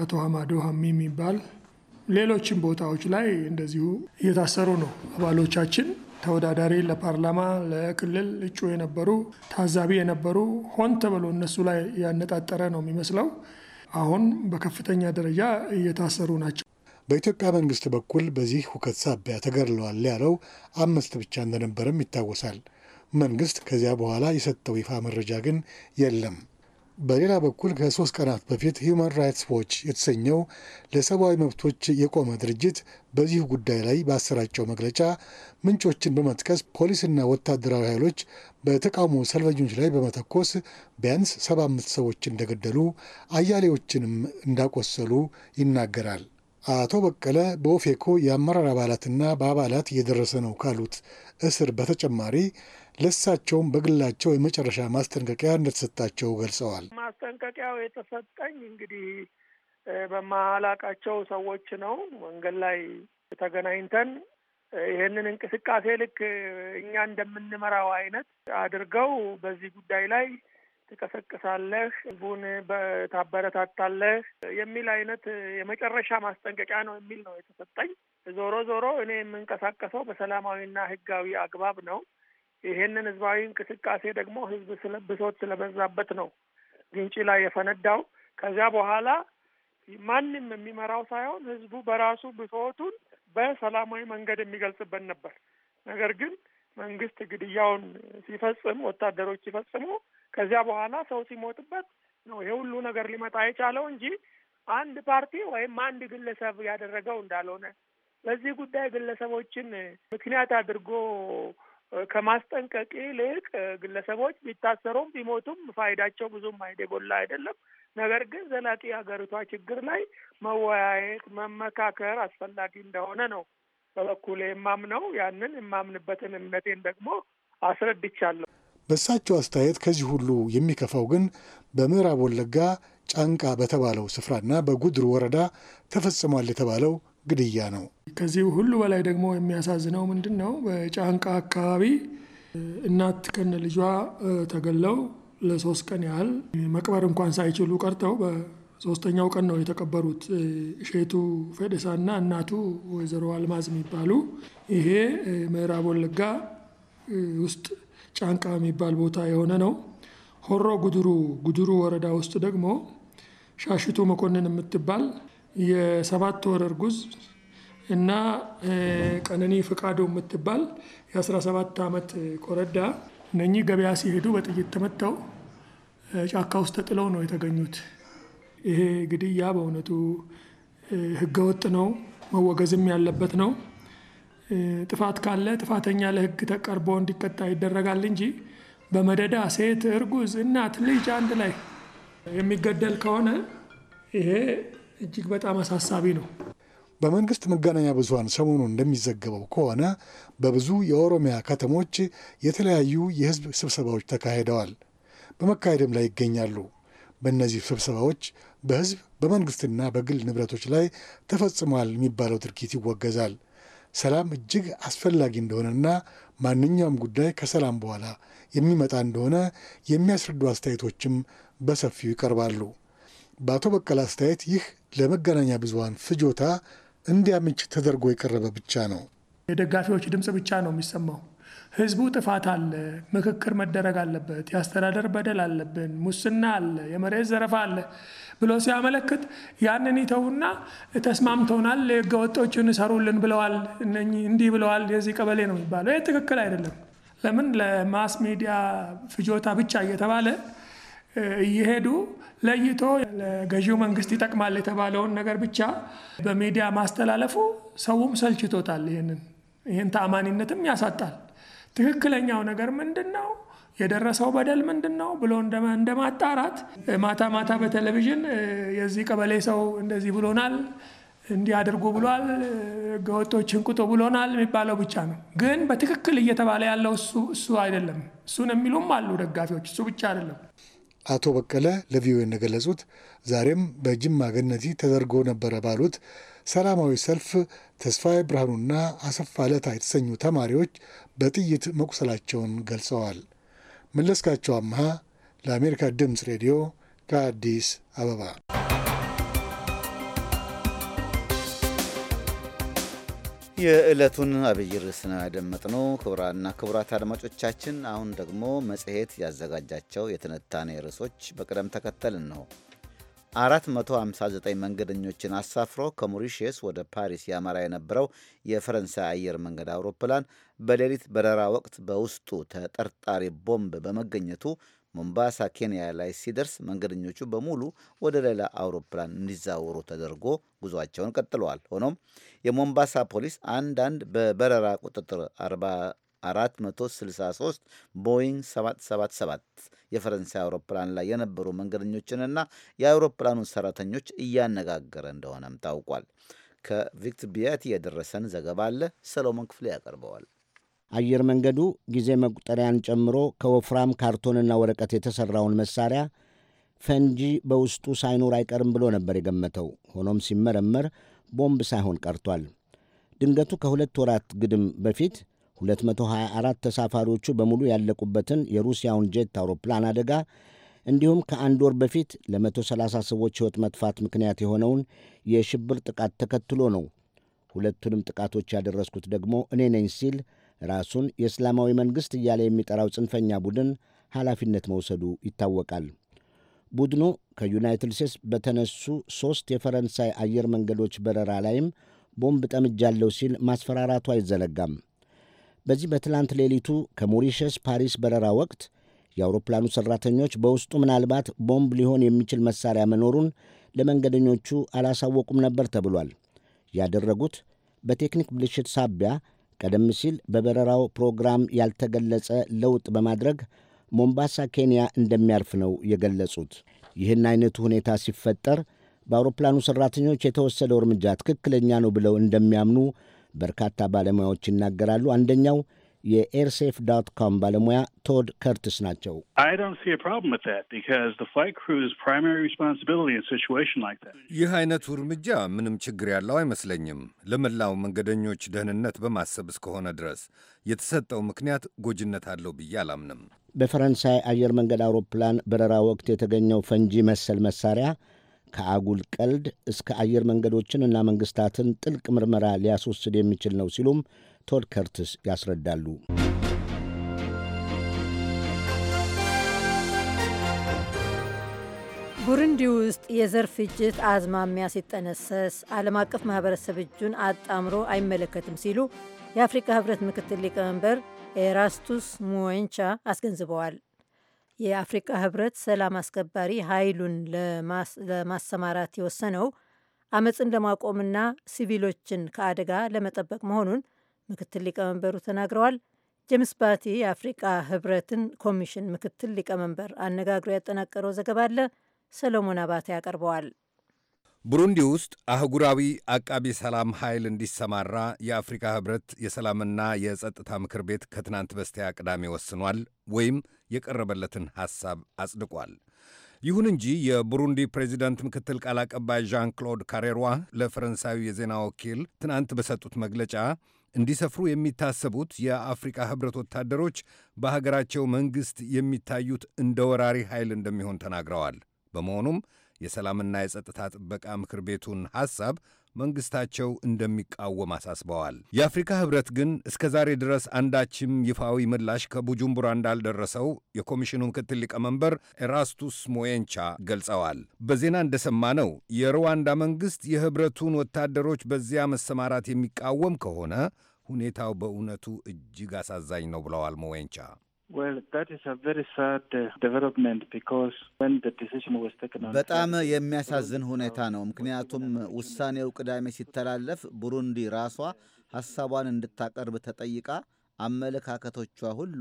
አቶ ሀማዶ ሀሚ የሚባል ሌሎችም ቦታዎች ላይ እንደዚሁ እየታሰሩ ነው። አባሎቻችን ተወዳዳሪ ለፓርላማ ለክልል እጩ የነበሩ ታዛቢ የነበሩ ሆን ተብሎ እነሱ ላይ ያነጣጠረ ነው የሚመስለው። አሁን በከፍተኛ ደረጃ እየታሰሩ ናቸው። በኢትዮጵያ መንግስት በኩል በዚህ ሁከት ሳቢያ ተገድለዋል ያለው አምስት ብቻ እንደነበረም ይታወሳል። መንግስት ከዚያ በኋላ የሰጠው ይፋ መረጃ ግን የለም። በሌላ በኩል ከሶስት ቀናት በፊት ሂዩማን ራይትስ ዎች የተሰኘው ለሰብአዊ መብቶች የቆመ ድርጅት በዚህ ጉዳይ ላይ ባሰራጨው መግለጫ ምንጮችን በመጥቀስ ፖሊስና ወታደራዊ ኃይሎች በተቃውሞ ሰልፈኞች ላይ በመተኮስ ቢያንስ ሰባ አምስት ሰዎች እንደገደሉ አያሌዎችንም እንዳቆሰሉ ይናገራል። አቶ በቀለ በኦፌኮ የአመራር አባላትና በአባላት እየደረሰ ነው ካሉት እስር በተጨማሪ ለእሳቸውም በግላቸው የመጨረሻ ማስጠንቀቂያ እንደተሰጣቸው ገልጸዋል። ማስጠንቀቂያው የተሰጠኝ እንግዲህ በማላቃቸው ሰዎች ነው። መንገድ ላይ ተገናኝተን ይህንን እንቅስቃሴ ልክ እኛ እንደምንመራው አይነት አድርገው በዚህ ጉዳይ ላይ ትቀሰቅሳለህ፣ ህዝቡን ታበረታታለህ የሚል አይነት የመጨረሻ ማስጠንቀቂያ ነው የሚል ነው የተሰጠኝ። ዞሮ ዞሮ እኔ የምንቀሳቀሰው በሰላማዊና ህጋዊ አግባብ ነው። ይሄንን ህዝባዊ እንቅስቃሴ ደግሞ ህዝብ ብሶት ስለበዛበት ነው ግንጭ ላይ የፈነዳው። ከዚያ በኋላ ማንም የሚመራው ሳይሆን ህዝቡ በራሱ ብሶቱን በሰላማዊ መንገድ የሚገልጽበት ነበር። ነገር ግን መንግስት ግድያውን ሲፈጽም ወታደሮች ሲፈጽሙ ከዚያ በኋላ ሰው ሲሞትበት ነው ይሄ ሁሉ ነገር ሊመጣ የቻለው እንጂ አንድ ፓርቲ ወይም አንድ ግለሰብ ያደረገው እንዳልሆነ በዚህ ጉዳይ ግለሰቦችን ምክንያት አድርጎ ከማስጠንቀቅ ይልቅ ግለሰቦች ቢታሰሩም ቢሞቱም ፋይዳቸው ብዙም አይደ ጎላ አይደለም። ነገር ግን ዘላቂ ሀገሪቷ ችግር ላይ መወያየት፣ መመካከር አስፈላጊ እንደሆነ ነው በበኩሌ የማምነው። ያንን የማምንበትን እምነቴን ደግሞ አስረድቻለሁ። በእሳቸው አስተያየት ከዚህ ሁሉ የሚከፋው ግን በምዕራብ ወለጋ ጫንቃ በተባለው ስፍራና በጉድሩ ወረዳ ተፈጽሟል የተባለው ግድያ ነው። ከዚህ ሁሉ በላይ ደግሞ የሚያሳዝነው ምንድን ነው? በጫንቃ አካባቢ እናት ከነ ልጇ ተገለው ለሶስት ቀን ያህል መቅበር እንኳን ሳይችሉ ቀርተው በሶስተኛው ቀን ነው የተቀበሩት። እሼቱ እና እናቱ ወይዘሮ አልማዝ የሚባሉ ይሄ ምዕራብ ወለጋ ውስጥ ጫንቃ የሚባል ቦታ የሆነ ነው። ሆሮ ጉድሩ ጉድሩ ወረዳ ውስጥ ደግሞ ሻሽቱ መኮንን የምትባል የሰባት ወር እርጉዝ እና ቀነኒ ፍቃዱ የምትባል የ17 ዓመት ኮረዳ እነኚህ ገበያ ሲሄዱ በጥይት ተመተው ጫካ ውስጥ ተጥለው ነው የተገኙት። ይሄ ግድያ በእውነቱ ህገወጥ ነው፣ መወገዝም ያለበት ነው። ጥፋት ካለ ጥፋተኛ ለህግ ተቀርቦ እንዲቀጣ ይደረጋል እንጂ በመደዳ ሴት፣ እርጉዝ፣ እናት፣ ልጅ አንድ ላይ የሚገደል ከሆነ ይሄ እጅግ በጣም አሳሳቢ ነው። በመንግስት መገናኛ ብዙሀን ሰሞኑ እንደሚዘገበው ከሆነ በብዙ የኦሮሚያ ከተሞች የተለያዩ የህዝብ ስብሰባዎች ተካሂደዋል፣ በመካሄድም ላይ ይገኛሉ። በእነዚህ ስብሰባዎች በህዝብ በመንግስትና በግል ንብረቶች ላይ ተፈጽሟል የሚባለው ድርጊት ይወገዛል። ሰላም እጅግ አስፈላጊ እንደሆነና ማንኛውም ጉዳይ ከሰላም በኋላ የሚመጣ እንደሆነ የሚያስረዱ አስተያየቶችም በሰፊው ይቀርባሉ። በአቶ በቀለ አስተያየት ይህ ለመገናኛ ብዙሀን ፍጆታ እንዲያምች ተደርጎ የቀረበ ብቻ ነው። የደጋፊዎች ድምፅ ብቻ ነው የሚሰማው። ህዝቡ ጥፋት አለ፣ ምክክር መደረግ አለበት፣ የአስተዳደር በደል አለብን፣ ሙስና አለ፣ የመሬት ዘረፋ አለ ብሎ ሲያመለክት ያንን ይተውና ተስማምተውናል፣ ህገወጦችን ሰሩልን ብለዋል፣ እንዲህ ብለዋል፣ የዚህ ቀበሌ ነው የሚባለው። ይህ ትክክል አይደለም። ለምን ለማስ ሚዲያ ፍጆታ ብቻ እየተባለ እየሄዱ ለይቶ ለገዢው መንግስት ይጠቅማል የተባለውን ነገር ብቻ በሚዲያ ማስተላለፉ ሰውም ሰልችቶታል። ይህንን ይህን ተአማኒነትም ያሳጣል። ትክክለኛው ነገር ምንድን ነው? የደረሰው በደል ምንድን ነው ብሎ እንደ ማጣራት ማታ ማታ በቴሌቪዥን የዚህ ቀበሌ ሰው እንደዚህ ብሎናል፣ እንዲህ አድርጉ ብሏል፣ ህገወጦችን ቁጡ ብሎናል የሚባለው ብቻ ነው። ግን በትክክል እየተባለ ያለው እሱ አይደለም። እሱን የሚሉም አሉ ደጋፊዎች። እሱ ብቻ አይደለም። አቶ በቀለ ለቪኦኤ እንደገለጹት ዛሬም በጅማ ገነቲ ተደርጎ ነበረ ባሉት ሰላማዊ ሰልፍ ተስፋዬ ብርሃኑና አሰፋ ለታ የተሰኙ ተማሪዎች በጥይት መቁሰላቸውን ገልጸዋል። መለስካቸው አምሃ ለአሜሪካ ድምፅ ሬዲዮ ከአዲስ አበባ የዕለቱን አብይ ርዕስ ነው ያደመጥነው። ክቡራና ክቡራት አድማጮቻችን፣ አሁን ደግሞ መጽሔት ያዘጋጃቸው የትንታኔ ርዕሶች በቅደም ተከተል ነው። 459 መንገደኞችን አሳፍሮ ከሞሪሽስ ወደ ፓሪስ ያመራ የነበረው የፈረንሳይ አየር መንገድ አውሮፕላን በሌሊት በረራ ወቅት በውስጡ ተጠርጣሪ ቦምብ በመገኘቱ ሞምባሳ ኬንያ ላይ ሲደርስ መንገደኞቹ በሙሉ ወደ ሌላ አውሮፕላን እንዲዛወሩ ተደርጎ ጉዟቸውን ቀጥለዋል። ሆኖም የሞምባሳ ፖሊስ አንዳንድ በበረራ ቁጥጥር 463 ቦይንግ 777 የፈረንሳይ አውሮፕላን ላይ የነበሩ መንገደኞችንና የአውሮፕላኑን ሰራተኞች እያነጋገረ እንደሆነም ታውቋል። ከቪክት ቢያቲ የደረሰን ዘገባ አለ። ሰሎሞን ክፍሌ ያቀርበዋል። አየር መንገዱ ጊዜ መቁጠሪያን ጨምሮ ከወፍራም ካርቶንና ወረቀት የተሠራውን መሣሪያ ፈንጂ በውስጡ ሳይኖር አይቀርም ብሎ ነበር የገመተው። ሆኖም ሲመረመር ቦምብ ሳይሆን ቀርቷል። ድንገቱ ከሁለት ወራት ግድም በፊት 224 ተሳፋሪዎቹ በሙሉ ያለቁበትን የሩሲያውን ጄት አውሮፕላን አደጋ እንዲሁም ከአንድ ወር በፊት ለ130 ሰዎች ሕይወት መጥፋት ምክንያት የሆነውን የሽብር ጥቃት ተከትሎ ነው። ሁለቱንም ጥቃቶች ያደረስኩት ደግሞ እኔ ነኝ ሲል ራሱን የእስላማዊ መንግሥት እያለ የሚጠራው ጽንፈኛ ቡድን ኃላፊነት መውሰዱ ይታወቃል። ቡድኑ ከዩናይትድ ስቴትስ በተነሱ ሦስት የፈረንሳይ አየር መንገዶች በረራ ላይም ቦምብ ጠምጃለሁ ሲል ማስፈራራቱ አይዘነጋም። በዚህ በትላንት ሌሊቱ ከሞሪሸስ ፓሪስ በረራ ወቅት የአውሮፕላኑ ሠራተኞች በውስጡ ምናልባት ቦምብ ሊሆን የሚችል መሣሪያ መኖሩን ለመንገደኞቹ አላሳወቁም ነበር ተብሏል። ያደረጉት በቴክኒክ ብልሽት ሳቢያ ቀደም ሲል በበረራው ፕሮግራም ያልተገለጸ ለውጥ በማድረግ ሞምባሳ ኬንያ እንደሚያርፍ ነው የገለጹት። ይህን አይነቱ ሁኔታ ሲፈጠር በአውሮፕላኑ ሠራተኞች የተወሰደው እርምጃ ትክክለኛ ነው ብለው እንደሚያምኑ በርካታ ባለሙያዎች ይናገራሉ። አንደኛው የኤርሴፍ ዶት ኮም ባለሙያ ቶድ ከርትስ ናቸው። ይህ አይነቱ እርምጃ ምንም ችግር ያለው አይመስለኝም ለመላው መንገደኞች ደህንነት በማሰብ እስከሆነ ድረስ የተሰጠው ምክንያት ጎጂነት አለው ብዬ አላምንም። በፈረንሳይ አየር መንገድ አውሮፕላን በረራ ወቅት የተገኘው ፈንጂ መሰል መሳሪያ ከአጉል ቀልድ እስከ አየር መንገዶችን እና መንግስታትን ጥልቅ ምርመራ ሊያስወስድ የሚችል ነው ሲሉም ቶድ ከርትስ ያስረዳሉ። ቡሩንዲ ውስጥ የዘር ፍጅት አዝማሚያ ሲጠነሰስ ዓለም አቀፍ ማህበረሰብ እጁን አጣምሮ አይመለከትም ሲሉ የአፍሪካ ህብረት ምክትል ሊቀመንበር ኤራስቱስ ሙወንቻ አስገንዝበዋል። የአፍሪካ ህብረት ሰላም አስከባሪ ኃይሉን ለማሰማራት የወሰነው አመፅን ለማቆምና ሲቪሎችን ከአደጋ ለመጠበቅ መሆኑን ምክትል ሊቀመንበሩ ተናግረዋል። ጄምስ ባቲ የአፍሪቃ ህብረትን ኮሚሽን ምክትል ሊቀመንበር አነጋግሮ ያጠናቀረው ዘገባ አለ። ሰለሞን አባቴ ያቀርበዋል። ቡሩንዲ ውስጥ አህጉራዊ አቃቢ ሰላም ኃይል እንዲሰማራ የአፍሪካ ህብረት የሰላምና የጸጥታ ምክር ቤት ከትናንት በስቲያ ቅዳሜ ወስኗል ወይም የቀረበለትን ሐሳብ አጽድቋል። ይሁን እንጂ የቡሩንዲ ፕሬዚዳንት ምክትል ቃል አቀባይ ዣን ክሎድ ካሬሯ ለፈረንሳዊ የዜና ወኪል ትናንት በሰጡት መግለጫ እንዲሰፍሩ የሚታሰቡት የአፍሪቃ ህብረት ወታደሮች በሀገራቸው መንግሥት የሚታዩት እንደ ወራሪ ኃይል እንደሚሆን ተናግረዋል። በመሆኑም የሰላምና የጸጥታ ጥበቃ ምክር ቤቱን ሐሳብ መንግስታቸው እንደሚቃወም አሳስበዋል። የአፍሪካ ህብረት ግን እስከ ዛሬ ድረስ አንዳችም ይፋዊ ምላሽ ከቡጁምቡራ እንዳልደረሰው የኮሚሽኑ ምክትል ሊቀመንበር ኤራስቱስ ሞየንቻ ገልጸዋል። በዜና እንደሰማነው የሩዋንዳ መንግስት የህብረቱን ወታደሮች በዚያ መሰማራት የሚቃወም ከሆነ ሁኔታው በእውነቱ እጅግ አሳዛኝ ነው ብለዋል ሞዌንቻ Uh, በጣም የሚያሳዝን uh, ሁኔታ ነው። ምክንያቱም ውሳኔው ቅዳሜ ሲተላለፍ ቡሩንዲ ራሷ ሀሳቧን እንድታቀርብ ተጠይቃ አመለካከቶቿ ሁሉ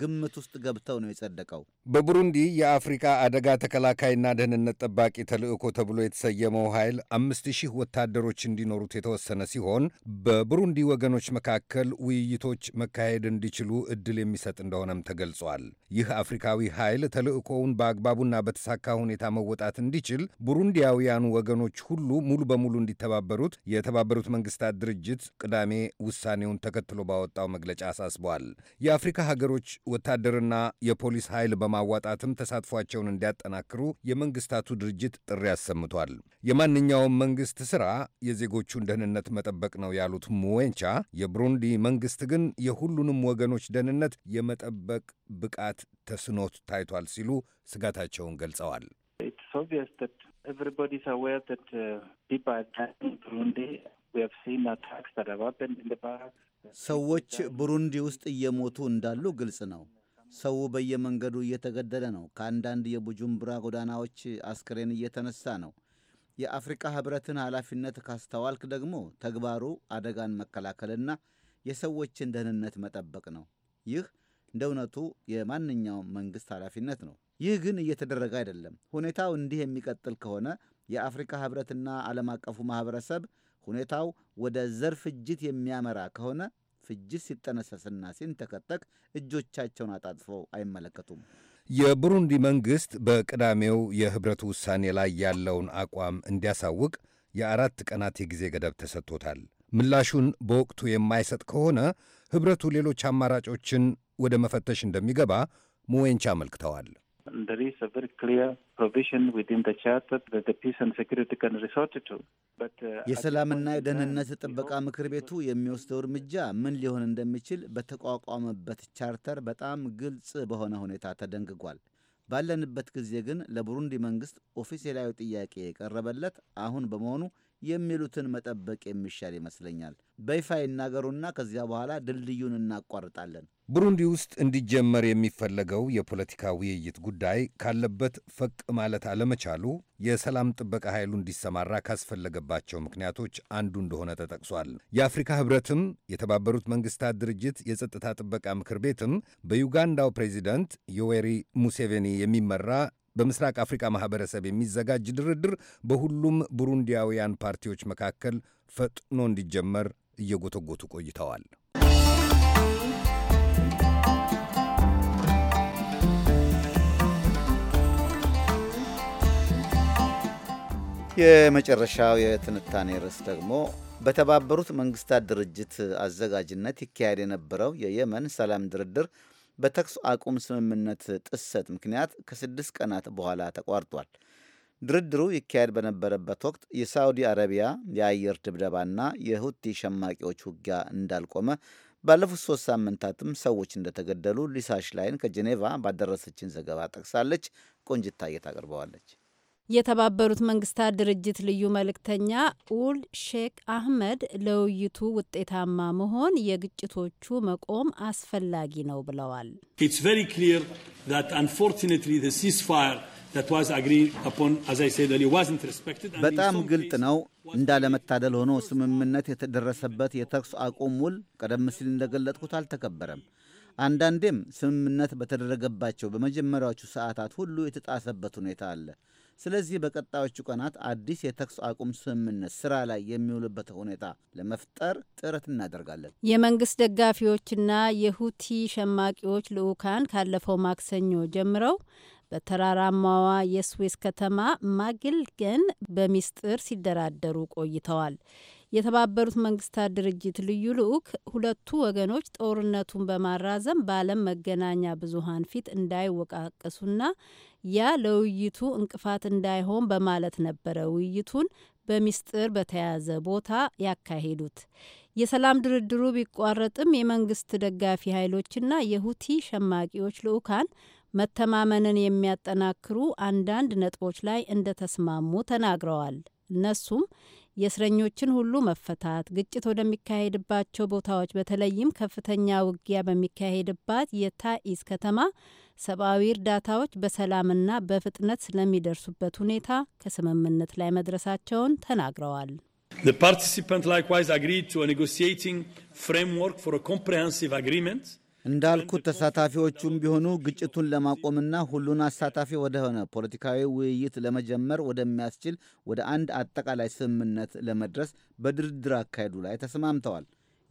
ግምት ውስጥ ገብተው ነው የጸደቀው። በቡሩንዲ የአፍሪካ አደጋ ተከላካይና ደህንነት ጠባቂ ተልዕኮ ተብሎ የተሰየመው ኃይል አምስት ሺህ ወታደሮች እንዲኖሩት የተወሰነ ሲሆን በቡሩንዲ ወገኖች መካከል ውይይቶች መካሄድ እንዲችሉ እድል የሚሰጥ እንደሆነም ተገልጿል። ይህ አፍሪካዊ ኃይል ተልዕኮውን በአግባቡና በተሳካ ሁኔታ መወጣት እንዲችል ቡሩንዲያውያኑ ወገኖች ሁሉ ሙሉ በሙሉ እንዲተባበሩት የተባበሩት መንግስታት ድርጅት ቅዳሜ ውሳኔውን ተከትሎ ባወጣው መግለጫ አሳስቧል። የአፍሪካ ሀገሮች ወታደርና የፖሊስ ኃይል በማዋጣትም ተሳትፏቸውን እንዲያጠናክሩ የመንግስታቱ ድርጅት ጥሪ አሰምቷል። የማንኛውም መንግስት ስራ የዜጎቹን ደህንነት መጠበቅ ነው ያሉት ሙዌንቻ፣ የብሩንዲ መንግስት ግን የሁሉንም ወገኖች ደህንነት የመጠበቅ ብቃት ተስኖት ታይቷል ሲሉ ስጋታቸውን ገልጸዋል። ሰዎች ብሩንዲ ውስጥ እየሞቱ እንዳሉ ግልጽ ነው። ሰው በየመንገዱ እየተገደለ ነው። ከአንዳንድ የቡጁምብራ ጎዳናዎች አስክሬን እየተነሳ ነው። የአፍሪካ ሕብረትን ኃላፊነት ካስተዋልክ ደግሞ ተግባሩ አደጋን መከላከልና የሰዎችን ደህንነት መጠበቅ ነው። ይህ እንደ እውነቱ የማንኛውም መንግሥት ኃላፊነት ነው። ይህ ግን እየተደረገ አይደለም። ሁኔታው እንዲህ የሚቀጥል ከሆነ የአፍሪካ ሕብረትና ዓለም አቀፉ ማኅበረሰብ ሁኔታው ወደ ዘር ፍጅት የሚያመራ ከሆነ ፍጅት ሲጠነሰስና ሲንተከተክ እጆቻቸውን አጣጥፈው አይመለከቱም። የቡሩንዲ መንግሥት በቅዳሜው የኅብረቱ ውሳኔ ላይ ያለውን አቋም እንዲያሳውቅ የአራት ቀናት የጊዜ ገደብ ተሰጥቶታል። ምላሹን በወቅቱ የማይሰጥ ከሆነ ኅብረቱ ሌሎች አማራጮችን ወደ መፈተሽ እንደሚገባ ሙዌንቻ አመልክተዋል። there is a very clear provision within the charter that the peace and security can resort to. Uh, የሰላምና የደህንነት ጥበቃ ምክር ቤቱ የሚወስደው እርምጃ ምን ሊሆን እንደሚችል በተቋቋመበት ቻርተር በጣም ግልጽ በሆነ ሁኔታ ተደንግጓል። ባለንበት ጊዜ ግን ለቡሩንዲ መንግስት ኦፊሴላዊ ጥያቄ የቀረበለት አሁን በመሆኑ የሚሉትን መጠበቅ የሚሻል ይመስለኛል። በይፋ ይናገሩና ከዚያ በኋላ ድልድዩን እናቋርጣለን። ቡሩንዲ ውስጥ እንዲጀመር የሚፈለገው የፖለቲካ ውይይት ጉዳይ ካለበት ፈቅ ማለት አለመቻሉ የሰላም ጥበቃ ኃይሉ እንዲሰማራ ካስፈለገባቸው ምክንያቶች አንዱ እንደሆነ ተጠቅሷል። የአፍሪካ ሕብረትም የተባበሩት መንግስታት ድርጅት የጸጥታ ጥበቃ ምክር ቤትም በዩጋንዳው ፕሬዚዳንት ዮዌሪ ሙሴቬኒ የሚመራ በምስራቅ አፍሪካ ማህበረሰብ የሚዘጋጅ ድርድር በሁሉም ቡሩንዲያውያን ፓርቲዎች መካከል ፈጥኖ እንዲጀመር እየጎተጎቱ ቆይተዋል። የመጨረሻው የትንታኔ ርዕስ ደግሞ በተባበሩት መንግስታት ድርጅት አዘጋጅነት ይካሄድ የነበረው የየመን ሰላም ድርድር በተኩስ አቁም ስምምነት ጥሰት ምክንያት ከስድስት ቀናት በኋላ ተቋርጧል። ድርድሩ ይካሄድ በነበረበት ወቅት የሳዑዲ አረቢያ የአየር ድብደባና የሁቲ ሸማቂዎች ውጊያ እንዳልቆመ ባለፉት ሶስት ሳምንታትም ሰዎች እንደተገደሉ ሊሳሽ ላይን ከጄኔቫ ባደረሰችን ዘገባ ጠቅሳለች። ቆንጅታየት አቅርበዋለች። የተባበሩት መንግስታት ድርጅት ልዩ መልእክተኛ ኡል ሼክ አህመድ ለውይይቱ ውጤታማ መሆን የግጭቶቹ መቆም አስፈላጊ ነው ብለዋል። በጣም ግልጥ ነው እንዳለመታደል ሆኖ ስምምነት የተደረሰበት የተኩስ አቁም ውል ቀደም ሲል እንደገለጥኩት አልተከበረም። አንዳንዴም ስምምነት በተደረገባቸው በመጀመሪያዎቹ ሰዓታት ሁሉ የተጣሰበት ሁኔታ አለ። ስለዚህ በቀጣዮቹ ቀናት አዲስ የተኩስ አቁም ስምምነት ስራ ላይ የሚውልበት ሁኔታ ለመፍጠር ጥረት እናደርጋለን። የመንግስት ደጋፊዎችና የሁቲ ሸማቂዎች ልዑካን ካለፈው ማክሰኞ ጀምረው በተራራማዋ የስዊስ ከተማ ማግልገን በሚስጥር ሲደራደሩ ቆይተዋል። የተባበሩት መንግስታት ድርጅት ልዩ ልዑክ ሁለቱ ወገኖች ጦርነቱን በማራዘም በዓለም መገናኛ ብዙሃን ፊት እንዳይወቃቀሱና ያ ለውይይቱ እንቅፋት እንዳይሆን በማለት ነበረ ውይይቱን በሚስጥር በተያዘ ቦታ ያካሄዱት። የሰላም ድርድሩ ቢቋረጥም የመንግስት ደጋፊ ኃይሎችና የሁቲ ሸማቂዎች ልዑካን መተማመንን የሚያጠናክሩ አንዳንድ ነጥቦች ላይ እንደተስማሙ ተናግረዋል። እነሱም የእስረኞችን ሁሉ መፈታት፣ ግጭት ወደሚካሄድባቸው ቦታዎች በተለይም ከፍተኛ ውጊያ በሚካሄድባት የታኢስ ከተማ ሰብአዊ እርዳታዎች በሰላምና በፍጥነት ስለሚደርሱበት ሁኔታ ከስምምነት ላይ መድረሳቸውን ተናግረዋል። The participants likewise agreed to a negotiating framework for a comprehensive agreement. እንዳልኩት ተሳታፊዎቹም ቢሆኑ ግጭቱን ለማቆምና ሁሉን አሳታፊ ወደሆነ ፖለቲካዊ ውይይት ለመጀመር ወደሚያስችል ወደ አንድ አጠቃላይ ስምምነት ለመድረስ በድርድር አካሄዱ ላይ ተስማምተዋል።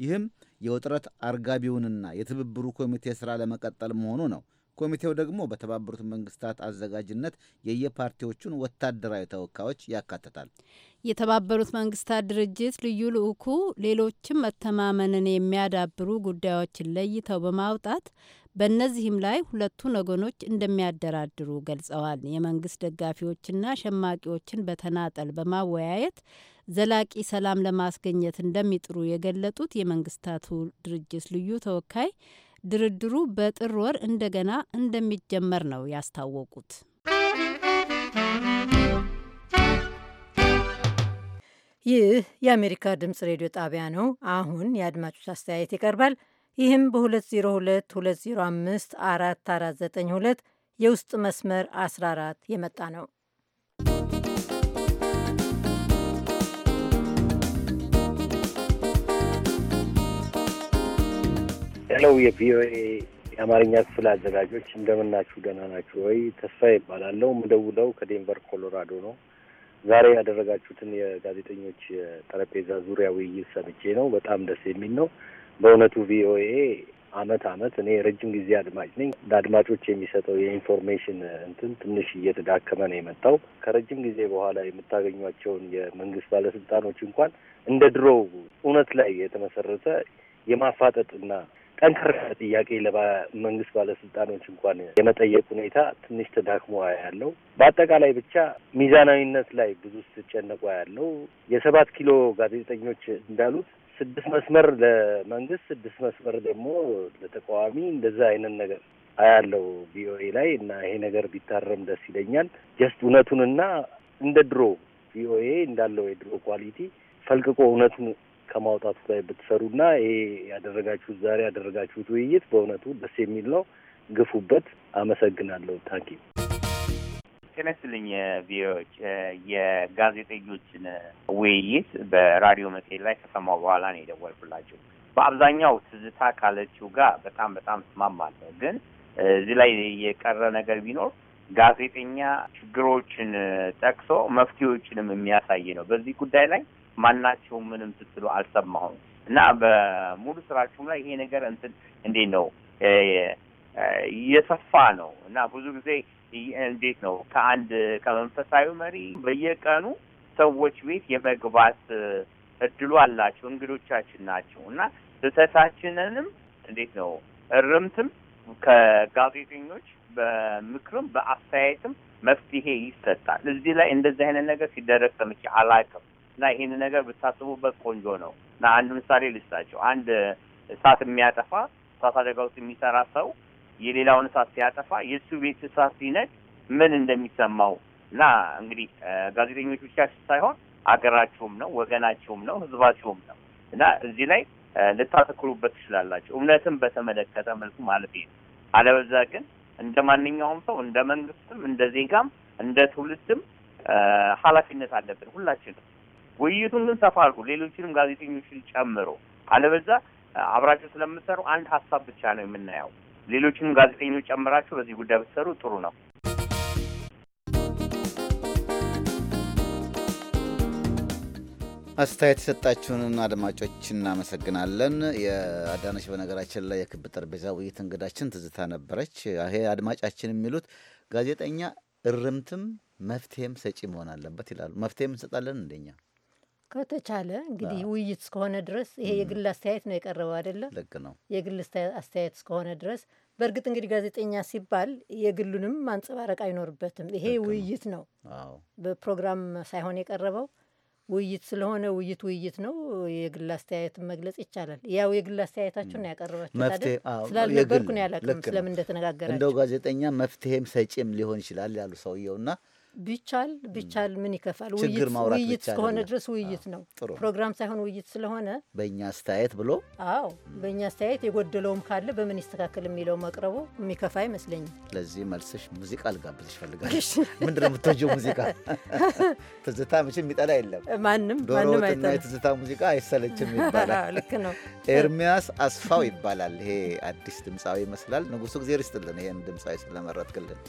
ይህም የውጥረት አርጋቢውንና የትብብሩ ኮሚቴ ሥራ ለመቀጠል መሆኑ ነው። ኮሚቴው ደግሞ በተባበሩት መንግስታት አዘጋጅነት የየፓርቲዎቹን ወታደራዊ ተወካዮች ያካትታል። የተባበሩት መንግስታት ድርጅት ልዩ ልኡኩ ሌሎችም መተማመንን የሚያዳብሩ ጉዳዮችን ለይተው በማውጣት በእነዚህም ላይ ሁለቱን ወገኖች እንደሚያደራድሩ ገልጸዋል። የመንግስት ደጋፊዎችና ሸማቂዎችን በተናጠል በማወያየት ዘላቂ ሰላም ለማስገኘት እንደሚጥሩ የገለጡት የመንግስታቱ ድርጅት ልዩ ተወካይ ድርድሩ በጥር ወር እንደገና እንደሚጀመር ነው ያስታወቁት። ይህ የአሜሪካ ድምፅ ሬዲዮ ጣቢያ ነው። አሁን የአድማጮች አስተያየት ይቀርባል። ይህም በ202205 4492 የውስጥ መስመር 14 የመጣ ነው። ሄለው የቪኦኤ የአማርኛ ክፍል አዘጋጆች እንደምናችሁ፣ ደህና ናችሁ ወይ? ተስፋ ይባላለው። ምደውለው ከዴንቨር ኮሎራዶ ነው። ዛሬ ያደረጋችሁትን የጋዜጠኞች የጠረጴዛ ዙሪያ ውይይት ሰምቼ ነው። በጣም ደስ የሚል ነው በእውነቱ ቪኦኤ አመት አመት እኔ ረጅም ጊዜ አድማጭ ነኝ። ለአድማጮች የሚሰጠው የኢንፎርሜሽን እንትን ትንሽ እየተዳከመ ነው የመጣው። ከረጅም ጊዜ በኋላ የምታገኟቸውን የመንግስት ባለስልጣኖች እንኳን እንደ ድሮው እውነት ላይ የተመሰረተ የማፋጠጥና ጠንከር ጥያቄ ለመንግስት ባለስልጣኖች እንኳን የመጠየቅ ሁኔታ ትንሽ ተዳክሞ ያለው በአጠቃላይ ብቻ ሚዛናዊነት ላይ ብዙ ስትጨነቁ ያለው የሰባት ኪሎ ጋዜጠኞች እንዳሉት ስድስት መስመር ለመንግስት ስድስት መስመር ደግሞ ለተቃዋሚ እንደዛ አይነት ነገር አያለው ቪኦኤ ላይ እና ይሄ ነገር ቢታረም ደስ ይለኛል። ጀስት እውነቱንና እንደ ድሮ ቪኦኤ እንዳለው የድሮ ኳሊቲ ፈልቅቆ እውነቱን ከማውጣቱ ላይ ብትሰሩና ይሄ ያደረጋችሁት ዛሬ ያደረጋችሁት ውይይት በእውነቱ ደስ የሚል ነው። ግፉበት። አመሰግናለሁ። ታንኪ ጤና ቪዎች የጋዜጠኞችን ውይይት በራዲዮ መጽሔት ላይ ከሰማሁ በኋላ ነው የደወልኩላቸው። በአብዛኛው ትዝታ ካለችው ጋር በጣም በጣም እስማማለሁ። ግን እዚህ ላይ የቀረ ነገር ቢኖር ጋዜጠኛ ችግሮችን ጠቅሶ መፍትሄዎችንም የሚያሳይ ነው። በዚህ ጉዳይ ላይ ማናቸው ምንም ስትሉ አልሰማሁም። እና በሙሉ ስራችሁም ላይ ይሄ ነገር እንትን እንዴት ነው እየሰፋ ነው። እና ብዙ ጊዜ እንዴት ነው ከአንድ ከመንፈሳዊ መሪ በየቀኑ ሰዎች ቤት የመግባት እድሉ አላቸው። እንግዶቻችን ናቸው እና ስህተታችንንም እንዴት ነው እርምትም ከጋዜጠኞች በምክርም በአስተያየትም መፍትሄ ይሰጣል። እዚህ ላይ እንደዚህ አይነት ነገር ሲደረግ ሰምቼ አላውቅም። እና ይህን ነገር ብታስቡበት ቆንጆ ነው። እና አንድ ምሳሌ ልስጣቸው። አንድ እሳት የሚያጠፋ እሳት አደጋ ውስጥ የሚሰራ ሰው የሌላውን እሳት ሲያጠፋ የእሱ ቤት እሳት ሲነድ ምን እንደሚሰማው እና እንግዲህ ጋዜጠኞች ብቻ ሳይሆን አገራችሁም ነው፣ ወገናችሁም ነው፣ ህዝባችሁም ነው እና እዚህ ላይ ልታተክሩበት ትችላላችሁ። እውነትን በተመለከተ መልኩ ማለት ነው። አለበዛ ግን እንደ ማንኛውም ሰው እንደ መንግስትም፣ እንደ ዜጋም፣ እንደ ትውልድም ኃላፊነት አለብን ሁላችንም። ውይይቱን ግን ሰፋ አድርጉ፣ ሌሎችንም ጋዜጠኞችን ጨምሮ። አለበዛ አብራችሁ ስለምትሰሩ አንድ ሀሳብ ብቻ ነው የምናየው። ሌሎችንም ጋዜጠኞች ጨምራችሁ በዚህ ጉዳይ ብትሰሩ ጥሩ ነው። አስተያየት የሰጣችሁንን አድማጮች እናመሰግናለን። የአዳነች በነገራችን ላይ የክብ ጠረጴዛ ውይይት እንግዳችን ትዝታ ነበረች። ይሄ አድማጫችን የሚሉት ጋዜጠኛ እርምትም መፍትሄም ሰጪ መሆን አለበት ይላሉ። መፍትሄም እንሰጣለን እንደኛ ከተቻለ እንግዲህ ውይይት እስከሆነ ድረስ ይሄ የግል አስተያየት ነው የቀረበው አይደለ? ልክ ነው። የግል አስተያየት እስከሆነ ድረስ በእርግጥ እንግዲህ ጋዜጠኛ ሲባል የግሉንም ማንጸባረቅ አይኖርበትም። ይሄ ውይይት ነው፣ በፕሮግራም ሳይሆን የቀረበው ውይይት ስለሆነ ውይይት ውይይት ነው። የግል አስተያየትን መግለጽ ይቻላል። ያው የግል አስተያየታችሁን ያቀረባችሁት ስላልነበርኩ ነው ያላቅም ስለምን እንደተነጋገራችሁ እንደው ጋዜጠኛ መፍትሄም ሰጪም ሊሆን ይችላል ያሉ ሰውየውና ቢቻል ቢቻል ምን ይከፋል? ችግር ውይይት እስከሆነ ድረስ ውይይት ነው። ፕሮግራም ሳይሆን ውይይት ስለሆነ በእኛ አስተያየት ብሎ አዎ፣ በእኛ አስተያየት የጎደለውም ካለ በምን ይስተካከል የሚለው መቅረቡ የሚከፋ አይመስለኝም። ለዚህ መልስሽ ሙዚቃ ልጋብዝሽ እፈልጋለሁ። ምንድን ነው የምትወጂው ሙዚቃ? ትዝታ መቼም የሚጠላ የለም ማንም ማንም አይጠላ። የትዝታ ሙዚቃ አይሰለችም ይባላል። ልክ ነው። ኤርሚያስ አስፋው ይባላል። ይሄ አዲስ ድምፃዊ ይመስላል። ንጉሱ ጊዜ ርስጥልን ይሄን ድምፃዊ ስለመረጥክልን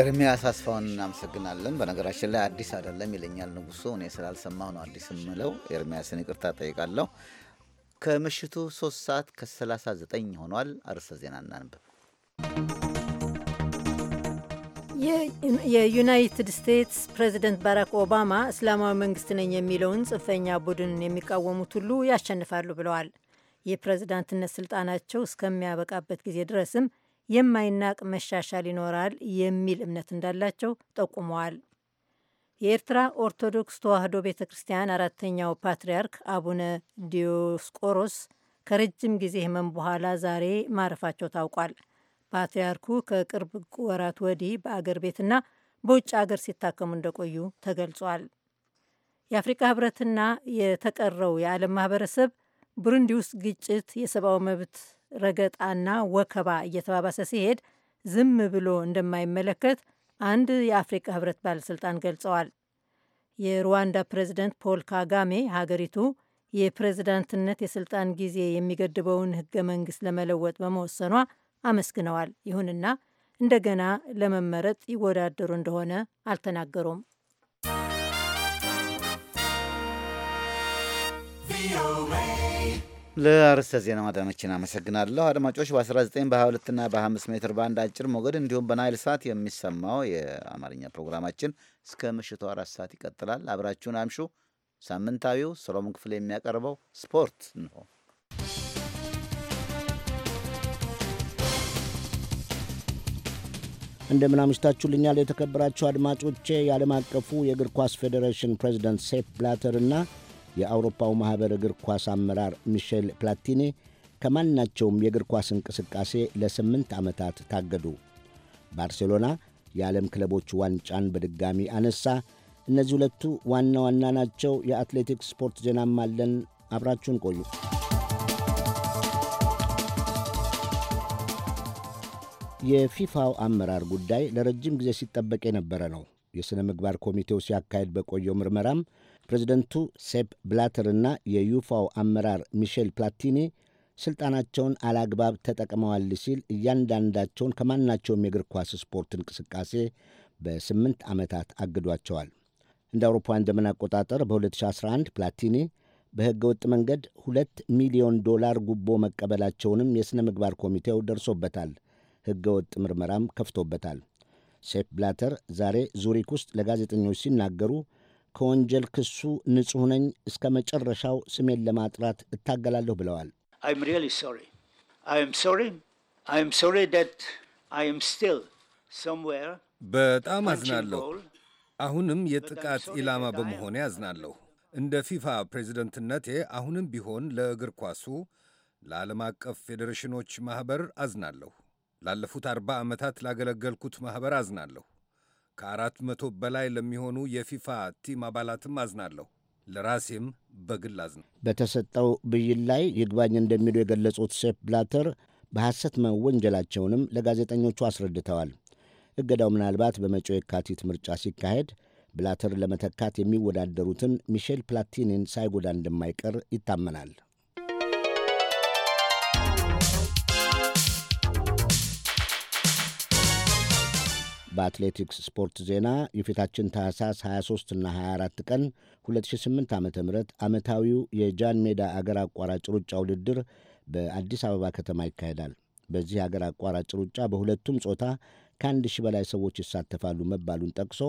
ኤርሚያስ አስፋውን እናመሰግናለን። በነገራችን ላይ አዲስ አይደለም ይለኛል ንጉሱ። እኔ ስላልሰማሁ ነው አዲስ የምለው። ኤርሚያስን ይቅርታ ጠይቃለሁ። ከምሽቱ 3 ሰዓት ከ39 ሆኗል። አርዕስተ ዜና እናንብብ። የዩናይትድ ስቴትስ ፕሬዚደንት ባራክ ኦባማ እስላማዊ መንግስት ነኝ የሚለውን ጽንፈኛ ቡድንን የሚቃወሙት ሁሉ ያሸንፋሉ ብለዋል። የፕሬዝዳንትነት ስልጣናቸው እስከሚያበቃበት ጊዜ ድረስም የማይናቅ መሻሻል ይኖራል የሚል እምነት እንዳላቸው ጠቁመዋል። የኤርትራ ኦርቶዶክስ ተዋህዶ ቤተ ክርስቲያን አራተኛው ፓትርያርክ አቡነ ዲዮስቆሮስ ከረጅም ጊዜ ህመም በኋላ ዛሬ ማረፋቸው ታውቋል። ፓትርያርኩ ከቅርብ ወራት ወዲህ በአገር ቤትና በውጭ አገር ሲታከሙ እንደቆዩ ተገልጿል። የአፍሪካ ህብረትና የተቀረው የዓለም ማህበረሰብ ብሩንዲ ውስጥ ግጭት፣ የሰብአዊ መብት ረገጣና ወከባ እየተባባሰ ሲሄድ ዝም ብሎ እንደማይመለከት አንድ የአፍሪካ ህብረት ባለሥልጣን ገልጸዋል። የሩዋንዳ ፕሬዚደንት ፖል ካጋሜ ሀገሪቱ የፕሬዝዳንትነት የስልጣን ጊዜ የሚገድበውን ህገ መንግስት ለመለወጥ በመወሰኗ አመስግነዋል። ይሁንና እንደገና ለመመረጥ ይወዳደሩ እንደሆነ አልተናገሩም። ለአርዕስተ ዜና ማዳኖችን አመሰግናለሁ። አድማጮች በ19 በ22ና በ25 ሜትር ባንድ አጭር ሞገድ እንዲሁም በናይል ሰዓት የሚሰማው የአማርኛ ፕሮግራማችን እስከ ምሽቱ አራት ሰዓት ይቀጥላል። አብራችሁን አምሹ። ሳምንታዊው ሰሎሞን ክፍል የሚያቀርበው ስፖርት ነው። እንደምን አምሽታችሁልኛል የተከበራችሁ አድማጮቼ። የዓለም አቀፉ የእግር ኳስ ፌዴሬሽን ፕሬዚደንት ሴፕ ብላተር እና የአውሮፓው ማኅበር እግር ኳስ አመራር ሚሼል ፕላቲኒ ከማናቸውም የእግር ኳስ እንቅስቃሴ ለስምንት ዓመታት ታገዱ። ባርሴሎና የዓለም ክለቦች ዋንጫን በድጋሚ አነሳ። እነዚህ ሁለቱ ዋና ዋና ናቸው። የአትሌቲክስ ስፖርት ዜናም አለን። አብራችሁን ቆዩ። የፊፋው አመራር ጉዳይ ለረጅም ጊዜ ሲጠበቅ የነበረ ነው። የሥነ ምግባር ኮሚቴው ሲያካሄድ በቆየው ምርመራም ፕሬዚደንቱ ሴፕ ብላተርና የዩፋው አመራር ሚሼል ፕላቲኒ ሥልጣናቸውን አላግባብ ተጠቅመዋል ሲል እያንዳንዳቸውን ከማናቸውም የእግር ኳስ ስፖርት እንቅስቃሴ በስምንት ዓመታት አግዷቸዋል። እንደ አውሮፓውያን ዘመን አቆጣጠር በ2011 ፕላቲኒ በሕገ ወጥ መንገድ ሁለት ሚሊዮን ዶላር ጉቦ መቀበላቸውንም የሥነ ምግባር ኮሚቴው ደርሶበታል። ሕገወጥ ምርመራም ከፍቶበታል። ሴፕ ብላተር ዛሬ ዙሪክ ውስጥ ለጋዜጠኞች ሲናገሩ ከወንጀል ክሱ ንጹሕ ነኝ፣ እስከ መጨረሻው ስሜን ለማጥራት እታገላለሁ ብለዋል። በጣም አዝናለሁ። አሁንም የጥቃት ኢላማ በመሆኔ አዝናለሁ። እንደ ፊፋ ፕሬዚደንትነቴ አሁንም ቢሆን ለእግር ኳሱ፣ ለዓለም አቀፍ ፌዴሬሽኖች ማኅበር አዝናለሁ። ላለፉት አርባ ዓመታት ላገለገልኩት ማኅበር አዝናለሁ። ከአራት መቶ በላይ ለሚሆኑ የፊፋ ቲም አባላትም አዝናለሁ። ለራሴም በግል አዝነ በተሰጠው ብይን ላይ ይግባኝ እንደሚሉ የገለጹት ሴፕ ብላተር በሐሰት መወንጀላቸውንም ለጋዜጠኞቹ አስረድተዋል። እገዳው ምናልባት በመጪው የካቲት ምርጫ ሲካሄድ ብላተር ለመተካት የሚወዳደሩትን ሚሼል ፕላቲኒን ሳይጎዳ እንደማይቀር ይታመናል። በአትሌቲክስ ስፖርት ዜና የፊታችን ታህሳስ 23 እና 24 ቀን 2008 ዓ ም ዓመታዊው የጃን ሜዳ አገር አቋራጭ ሩጫ ውድድር በአዲስ አበባ ከተማ ይካሄዳል። በዚህ አገር አቋራጭ ሩጫ በሁለቱም ጾታ ከአንድ ሺህ በላይ ሰዎች ይሳተፋሉ መባሉን ጠቅሶ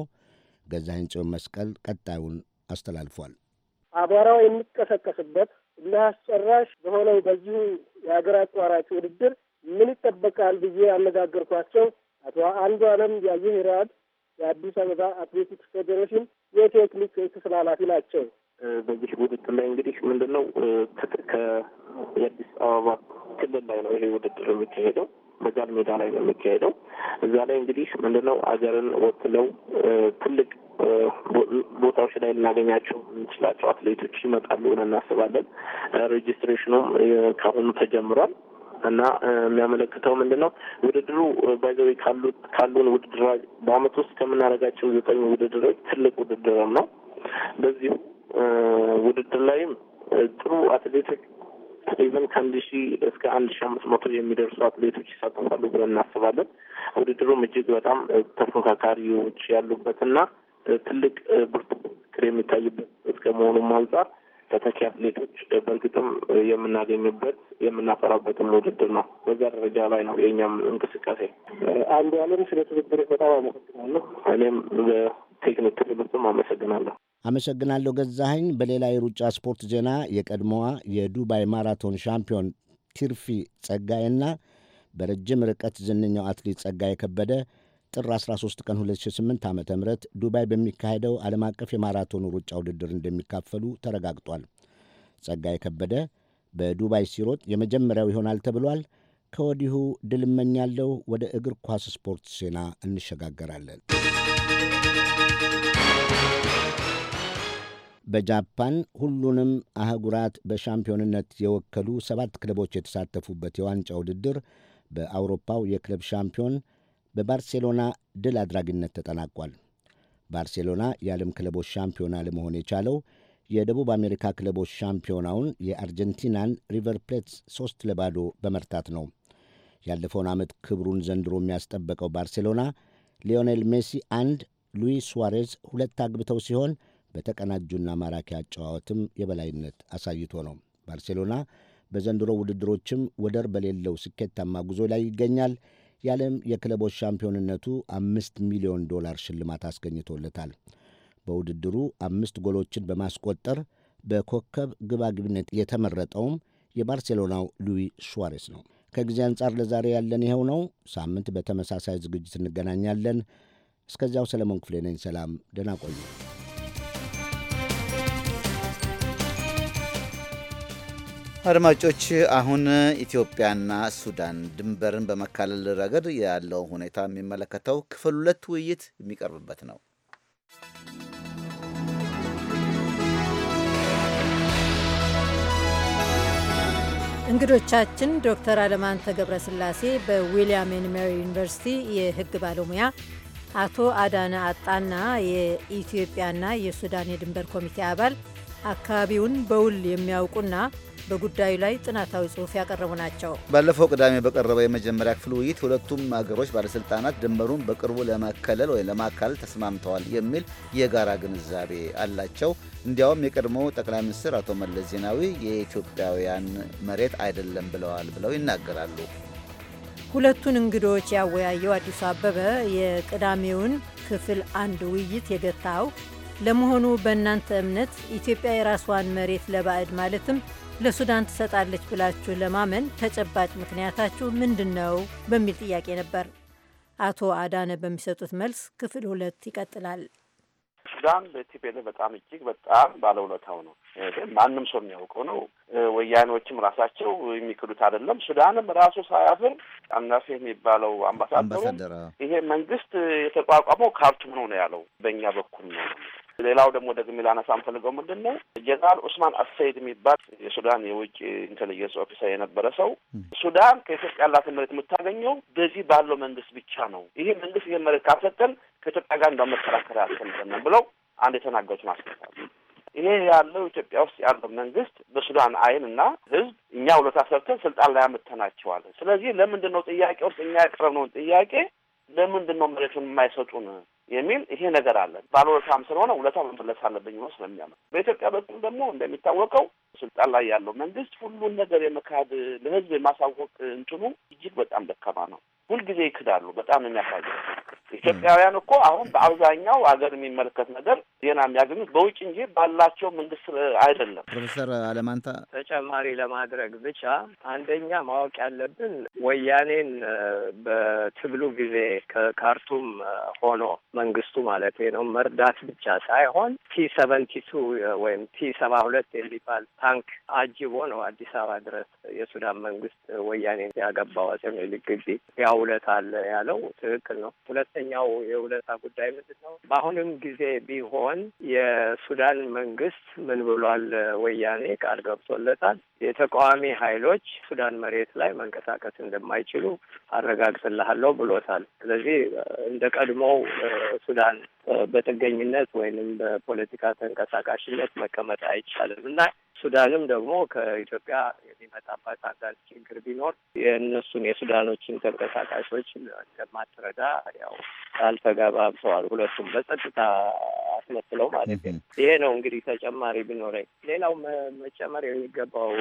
ገዛኸኝ ጽዮን መስቀል ቀጣዩን አስተላልፏል። አቧራው የሚቀሰቀስበት እና አስጨራሽ በሆነው በዚሁ የአገር አቋራጭ ውድድር ምን ይጠበቃል ብዬ ያነጋገርኳቸው አቶ አንዱ አለም ያየህ ሪያድ የአዲስ አበባ አትሌቲክስ ፌዴሬሽን የቴክኒክ ክፍል ኃላፊ ናቸው። በዚህ ውድድር ላይ እንግዲህ ምንድን ነው ከየአዲስ አበባ ክልል ላይ ነው ይሄ ውድድር የሚካሄደው በጃል ሜዳ ላይ ነው የሚካሄደው። እዛ ላይ እንግዲህ ምንድን ነው አገርን ወክለው ትልቅ ቦታዎች ላይ ልናገኛቸው የምንችላቸው አትሌቶች ይመጣሉ ብለን እናስባለን። ሬጅስትሬሽኑም ከአሁኑ ተጀምሯል። እና የሚያመለክተው ምንድን ነው ውድድሩ ባይዘዌ ካሉት ካሉን ውድድር በአመት ውስጥ ከምናደርጋቸው ዘጠኝ ውድድሮች ትልቅ ውድድርም ነው። በዚሁ ውድድር ላይም ጥሩ አትሌቶች ኢቨን ከአንድ ሺ እስከ አንድ ሺ አምስት መቶ የሚደርሱ አትሌቶች ይሳተፋሉ ብለን እናስባለን። ውድድሩም እጅግ በጣም ተፎካካሪዎች ያሉበትና ትልቅ ብርቱ ክር የሚታይበት እስከ መሆኑም አንጻር ተተኪ አትሌቶች በእርግጥም የምናገኝበት የምናፈራበትም ውድድር ነው። በዛ ደረጃ ላይ ነው የእኛም እንቅስቃሴ። አንዱ አለም ስለ ትብብር በጣም አመሰግናለሁ። እኔም በቴክኒክ ትብብርም አመሰግናለሁ። አመሰግናለሁ ገዛኸኝ። በሌላ የሩጫ ስፖርት ዜና የቀድሞዋ የዱባይ ማራቶን ሻምፒዮን ቲርፊ ጸጋዬና በረጅም ርቀት ዝነኛው አትሌት ጸጋዬ ከበደ ጥር 13 ቀን 2008 ዓ ም ዱባይ በሚካሄደው ዓለም አቀፍ የማራቶን ሩጫ ውድድር እንደሚካፈሉ ተረጋግጧል። ጸጋዬ ከበደ በዱባይ ሲሮጥ የመጀመሪያው ይሆናል ተብሏል። ከወዲሁ ድል እመኛለሁ። ወደ እግር ኳስ ስፖርት ዜና እንሸጋገራለን። በጃፓን ሁሉንም አህጉራት በሻምፒዮንነት የወከሉ ሰባት ክለቦች የተሳተፉበት የዋንጫ ውድድር በአውሮፓው የክለብ ሻምፒዮን በባርሴሎና ድል አድራጊነት ተጠናቋል። ባርሴሎና የዓለም ክለቦች ሻምፒዮና ለመሆን የቻለው የደቡብ አሜሪካ ክለቦች ሻምፒዮናውን የአርጀንቲናን ሪቨር ፕሌትስ ሦስት ለባዶ በመርታት ነው። ያለፈውን ዓመት ክብሩን ዘንድሮ የሚያስጠበቀው ባርሴሎና ሊዮኔል ሜሲ አንድ፣ ሉዊስ ሱዋሬዝ ሁለት አግብተው ሲሆን በተቀናጁና ማራኪ አጨዋወትም የበላይነት አሳይቶ ነው። ባርሴሎና በዘንድሮ ውድድሮችም ወደር በሌለው ስኬታማ ጉዞ ላይ ይገኛል። የዓለም የክለቦች ሻምፒዮንነቱ አምስት ሚሊዮን ዶላር ሽልማት አስገኝቶለታል። በውድድሩ አምስት ጎሎችን በማስቆጠር በኮከብ ግባግብነት የተመረጠውም የባርሴሎናው ሉዊ ሹዋሬስ ነው። ከጊዜ አንጻር ለዛሬ ያለን ይኸው ነው። ሳምንት በተመሳሳይ ዝግጅት እንገናኛለን። እስከዚያው ሰለሞን ክፍሌ ነኝ። ሰላም፣ ደህና ቆዩ። አድማጮች አሁን ኢትዮጵያና ሱዳን ድንበርን በመካለል ረገድ ያለው ሁኔታ የሚመለከተው ክፍል ሁለት ውይይት የሚቀርብበት ነው። እንግዶቻችን ዶክተር አለማንተ ገብረስላሴ በዊልያም ኤንድ ሜሪ ዩኒቨርሲቲ የሕግ ባለሙያ፣ አቶ አዳነ አጣና የኢትዮጵያና የሱዳን የድንበር ኮሚቴ አባል አካባቢውን በውል የሚያውቁና በጉዳዩ ላይ ጥናታዊ ጽሑፍ ያቀረቡ ናቸው። ባለፈው ቅዳሜ በቀረበው የመጀመሪያ ክፍል ውይይት ሁለቱም አገሮች ባለስልጣናት ድንበሩን በቅርቡ ለመከለል ወይም ለማካለል ተስማምተዋል የሚል የጋራ ግንዛቤ አላቸው። እንዲያውም የቀድሞ ጠቅላይ ሚኒስትር አቶ መለስ ዜናዊ የኢትዮጵያውያን መሬት አይደለም ብለዋል ብለው ይናገራሉ። ሁለቱን እንግዶች ያወያየው አዲሱ አበበ የቅዳሜውን ክፍል አንድ ውይይት የገታው ለመሆኑ በእናንተ እምነት ኢትዮጵያ የራስዋን መሬት ለባዕድ ማለትም ለሱዳን ትሰጣለች ብላችሁ ለማመን ተጨባጭ ምክንያታችሁ ምንድን ነው? በሚል ጥያቄ ነበር። አቶ አዳነ በሚሰጡት መልስ ክፍል ሁለት ይቀጥላል። ሱዳን በኢትዮጵያ ላይ በጣም እጅግ በጣም ባለውለታው ነው። ማንም ሰው የሚያውቀው ነው። ወያኔዎችም ራሳቸው የሚክዱት አይደለም። ሱዳንም ራሱ ሳያፍር አናፊ የሚባለው አምባሳደሩ ይሄ መንግስት የተቋቋመው ካርቱም ነው ነው ያለው። በእኛ በኩል ነው ሌላው ደግሞ ደግሞ ላነሳ የምፈልገው ምንድን ነው ጄኔራል ኡስማን አሰይድ የሚባል የሱዳን የውጭ ኢንቴሊጀንስ ኦፊሰር የነበረ ሰው ሱዳን ከኢትዮጵያ ያላትን መሬት የምታገኘው በዚህ ባለው መንግስት ብቻ ነው፣ ይሄ መንግስት ይህን መሬት ካልሰጠን ከኢትዮጵያ ጋር እንደመከራከር ያስፈልገናል ብለው አንድ የተናገሩትን አስቀታሉ። ይሄ ያለው ኢትዮጵያ ውስጥ ያለው መንግስት በሱዳን አይን እና ህዝብ እኛ ውለታ ሰርተን ስልጣን ላይ አምጥተናቸዋል። ስለዚህ ለምንድን ነው ጥያቄ ውስጥ እኛ ያቀረብነውን ጥያቄ ለምንድን ነው መሬቱን የማይሰጡን የሚል ይሄ ነገር አለ። ባለውለታም ስለሆነ ውለታ መመለስ አለብኝ ነው ስለሚያምር። በኢትዮጵያ በኩል ደግሞ እንደሚታወቀው ስልጣን ላይ ያለው መንግስት ሁሉን ነገር የመካድ ለህዝብ የማሳወቅ እንትኑ እጅግ በጣም ደካማ ነው። ሁልጊዜ ይክዳሉ። በጣም የሚያሳየው ኢትዮጵያውያን እኮ አሁን በአብዛኛው ሀገር የሚመለከት ነገር ዜና የሚያገኙት በውጭ እንጂ ባላቸው መንግስት አይደለም። ፕሮፌሰር አለማንታ ተጨማሪ ለማድረግ ብቻ አንደኛ ማወቅ ያለብን ወያኔን በትግሉ ጊዜ ከካርቱም ሆኖ መንግስቱ ማለት ነው መርዳት ብቻ ሳይሆን ቲ ሰቨንቲ ቱ ወይም ቲ ሰባ ሁለት የሚባል ታንክ አጅቦ ነው አዲስ አበባ ድረስ የሱዳን መንግስት ወያኔ ያገባው አጼ ምኒልክ ግቢ ያ ውለታ አለ ያለው ትክክል ነው። ሁለተኛው የውለታ ጉዳይ ምንድን ነው? በአሁንም ጊዜ ቢሆን የሱዳን መንግስት ምን ብሏል? ወያኔ ቃል ገብቶለታል። የተቃዋሚ ኃይሎች ሱዳን መሬት ላይ መንቀሳቀስ እንደማይችሉ አረጋግጥልሃለሁ ብሎታል። ስለዚህ እንደ ቀድሞው ሱዳን በጥገኝነት ወይንም በፖለቲካ ተንቀሳቃሽነት መቀመጥ አይቻልም እና ሱዳንም ደግሞ ከኢትዮጵያ የሚመጣባት አንዳንድ ችግር ቢኖር የእነሱን የሱዳኖችን ተንቀሳቃሾች እንደማትረዳ ያው አልተጋባብተዋል ሁለቱም በጸጥታ አስመስለው ማለት ነው። ይሄ ነው እንግዲህ ተጨማሪ ቢኖረኝ። ሌላው መጨመር የሚገባው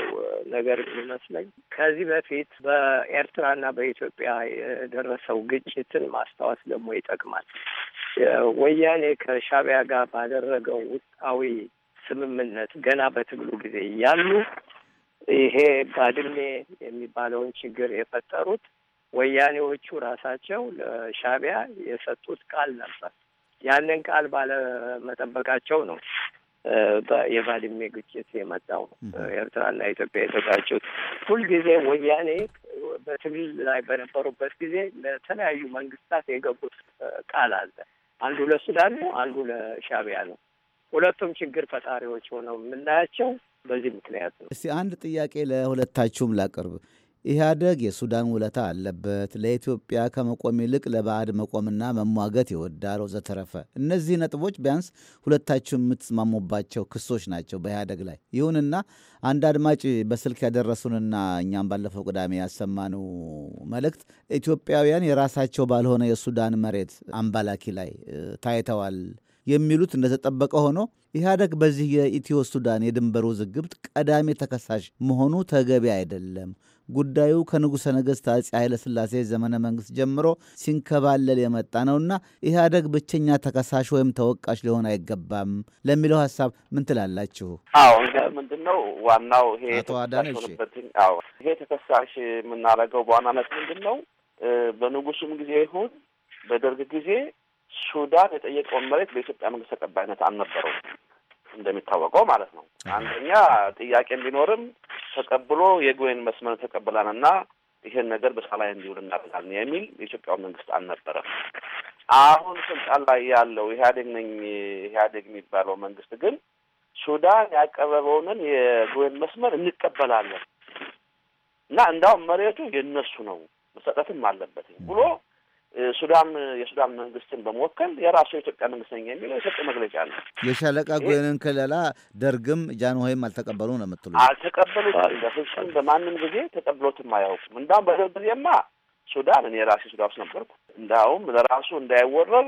ነገር የሚመስለኝ ከዚህ በፊት በኤርትራና በኢትዮጵያ የደረሰው ግጭትን ማስታወስ ደግሞ ይጠቅማል። ወያኔ ከሻቢያ ጋር ባደረገው ውስጣዊ ስምምነት ገና በትግሉ ጊዜ እያሉ ይሄ ባድሜ የሚባለውን ችግር የፈጠሩት ወያኔዎቹ ራሳቸው ለሻቢያ የሰጡት ቃል ነበር። ያንን ቃል ባለመጠበቃቸው ነው የባድሜ ግጭት የመጣው። ኤርትራና ኢትዮጵያ የተጋጩት ሁልጊዜ ወያኔ በትግል ላይ በነበሩበት ጊዜ ለተለያዩ መንግስታት የገቡት ቃል አለ። አንዱ ለሱዳን ነው፣ አንዱ ለሻቢያ ነው። ሁለቱም ችግር ፈጣሪዎች ሆነው የምናያቸው በዚህ ምክንያት ነው። እስቲ አንድ ጥያቄ ለሁለታችሁም ላቅርብ። ኢህአደግ የሱዳን ውለታ አለበት፣ ለኢትዮጵያ ከመቆም ይልቅ ለባዕድ መቆምና መሟገት ይወዳል ወዘተረፈ። እነዚህ ነጥቦች ቢያንስ ሁለታችሁ የምትስማሙባቸው ክሶች ናቸው በኢህአደግ ላይ። ይሁንና አንድ አድማጭ በስልክ ያደረሱንና እኛም ባለፈው ቅዳሜ ያሰማነው መልእክት ኢትዮጵያውያን የራሳቸው ባልሆነ የሱዳን መሬት አምባላኪ ላይ ታይተዋል የሚሉት እንደተጠበቀ ሆኖ ኢህአደግ በዚህ የኢትዮ ሱዳን የድንበር ውዝግብ ቀዳሚ ተከሳሽ መሆኑ ተገቢ አይደለም። ጉዳዩ ከንጉሠ ነገሥት አፄ ሥላሴ ዘመነ መንግሥት ጀምሮ ሲንከባለል የመጣ ነውና ኢህአደግ ብቸኛ ተከሳሽ ወይም ተወቃሽ ሊሆን አይገባም ለሚለው ሀሳብ ምን ትላላችሁ? አዎ ምንድን ነው ዋናው ይሄ ይሄ ተከሳሽ የምናደርገው በዋናነት ምንድን ነው በንጉሱም ጊዜ ይሁን በደርግ ጊዜ ሱዳን የጠየቀውን መሬት በኢትዮጵያ መንግስት ተቀባይነት አልነበረውም፣ እንደሚታወቀው ማለት ነው። አንደኛ ጥያቄ ቢኖርም ተቀብሎ የጉዌን መስመር ተቀብላንና ይህን ነገር በሳላይ እንዲውል እናደርጋለን የሚል የኢትዮጵያው መንግስት አልነበረም። አሁን ስልጣን ላይ ያለው ኢህአዴግ ነኝ ኢህአዴግ የሚባለው መንግስት ግን ሱዳን ያቀረበውንን የጉዌን መስመር እንቀበላለን እና እንዳውም መሬቱ የነሱ ነው መሰጠትም አለበት ብሎ ሱዳን የሱዳን መንግስትን በመወከል የራሱ የኢትዮጵያ መንግስት ነኝ የሚለው የሰጠ መግለጫ ነው። የሻለቃ ጎንን ክለላ ደርግም ጃንሆይም አልተቀበሉ ነው የምትሉ? አልተቀበሉ በፍጹም በማንም ጊዜ ተቀብሎትም አያውቁም። እንዳውም በደርግ ጊዜማ ሱዳን እኔ ራሴ ሱዳን ውስጥ ነበርኩ። እንዳውም ለራሱ እንዳይወረር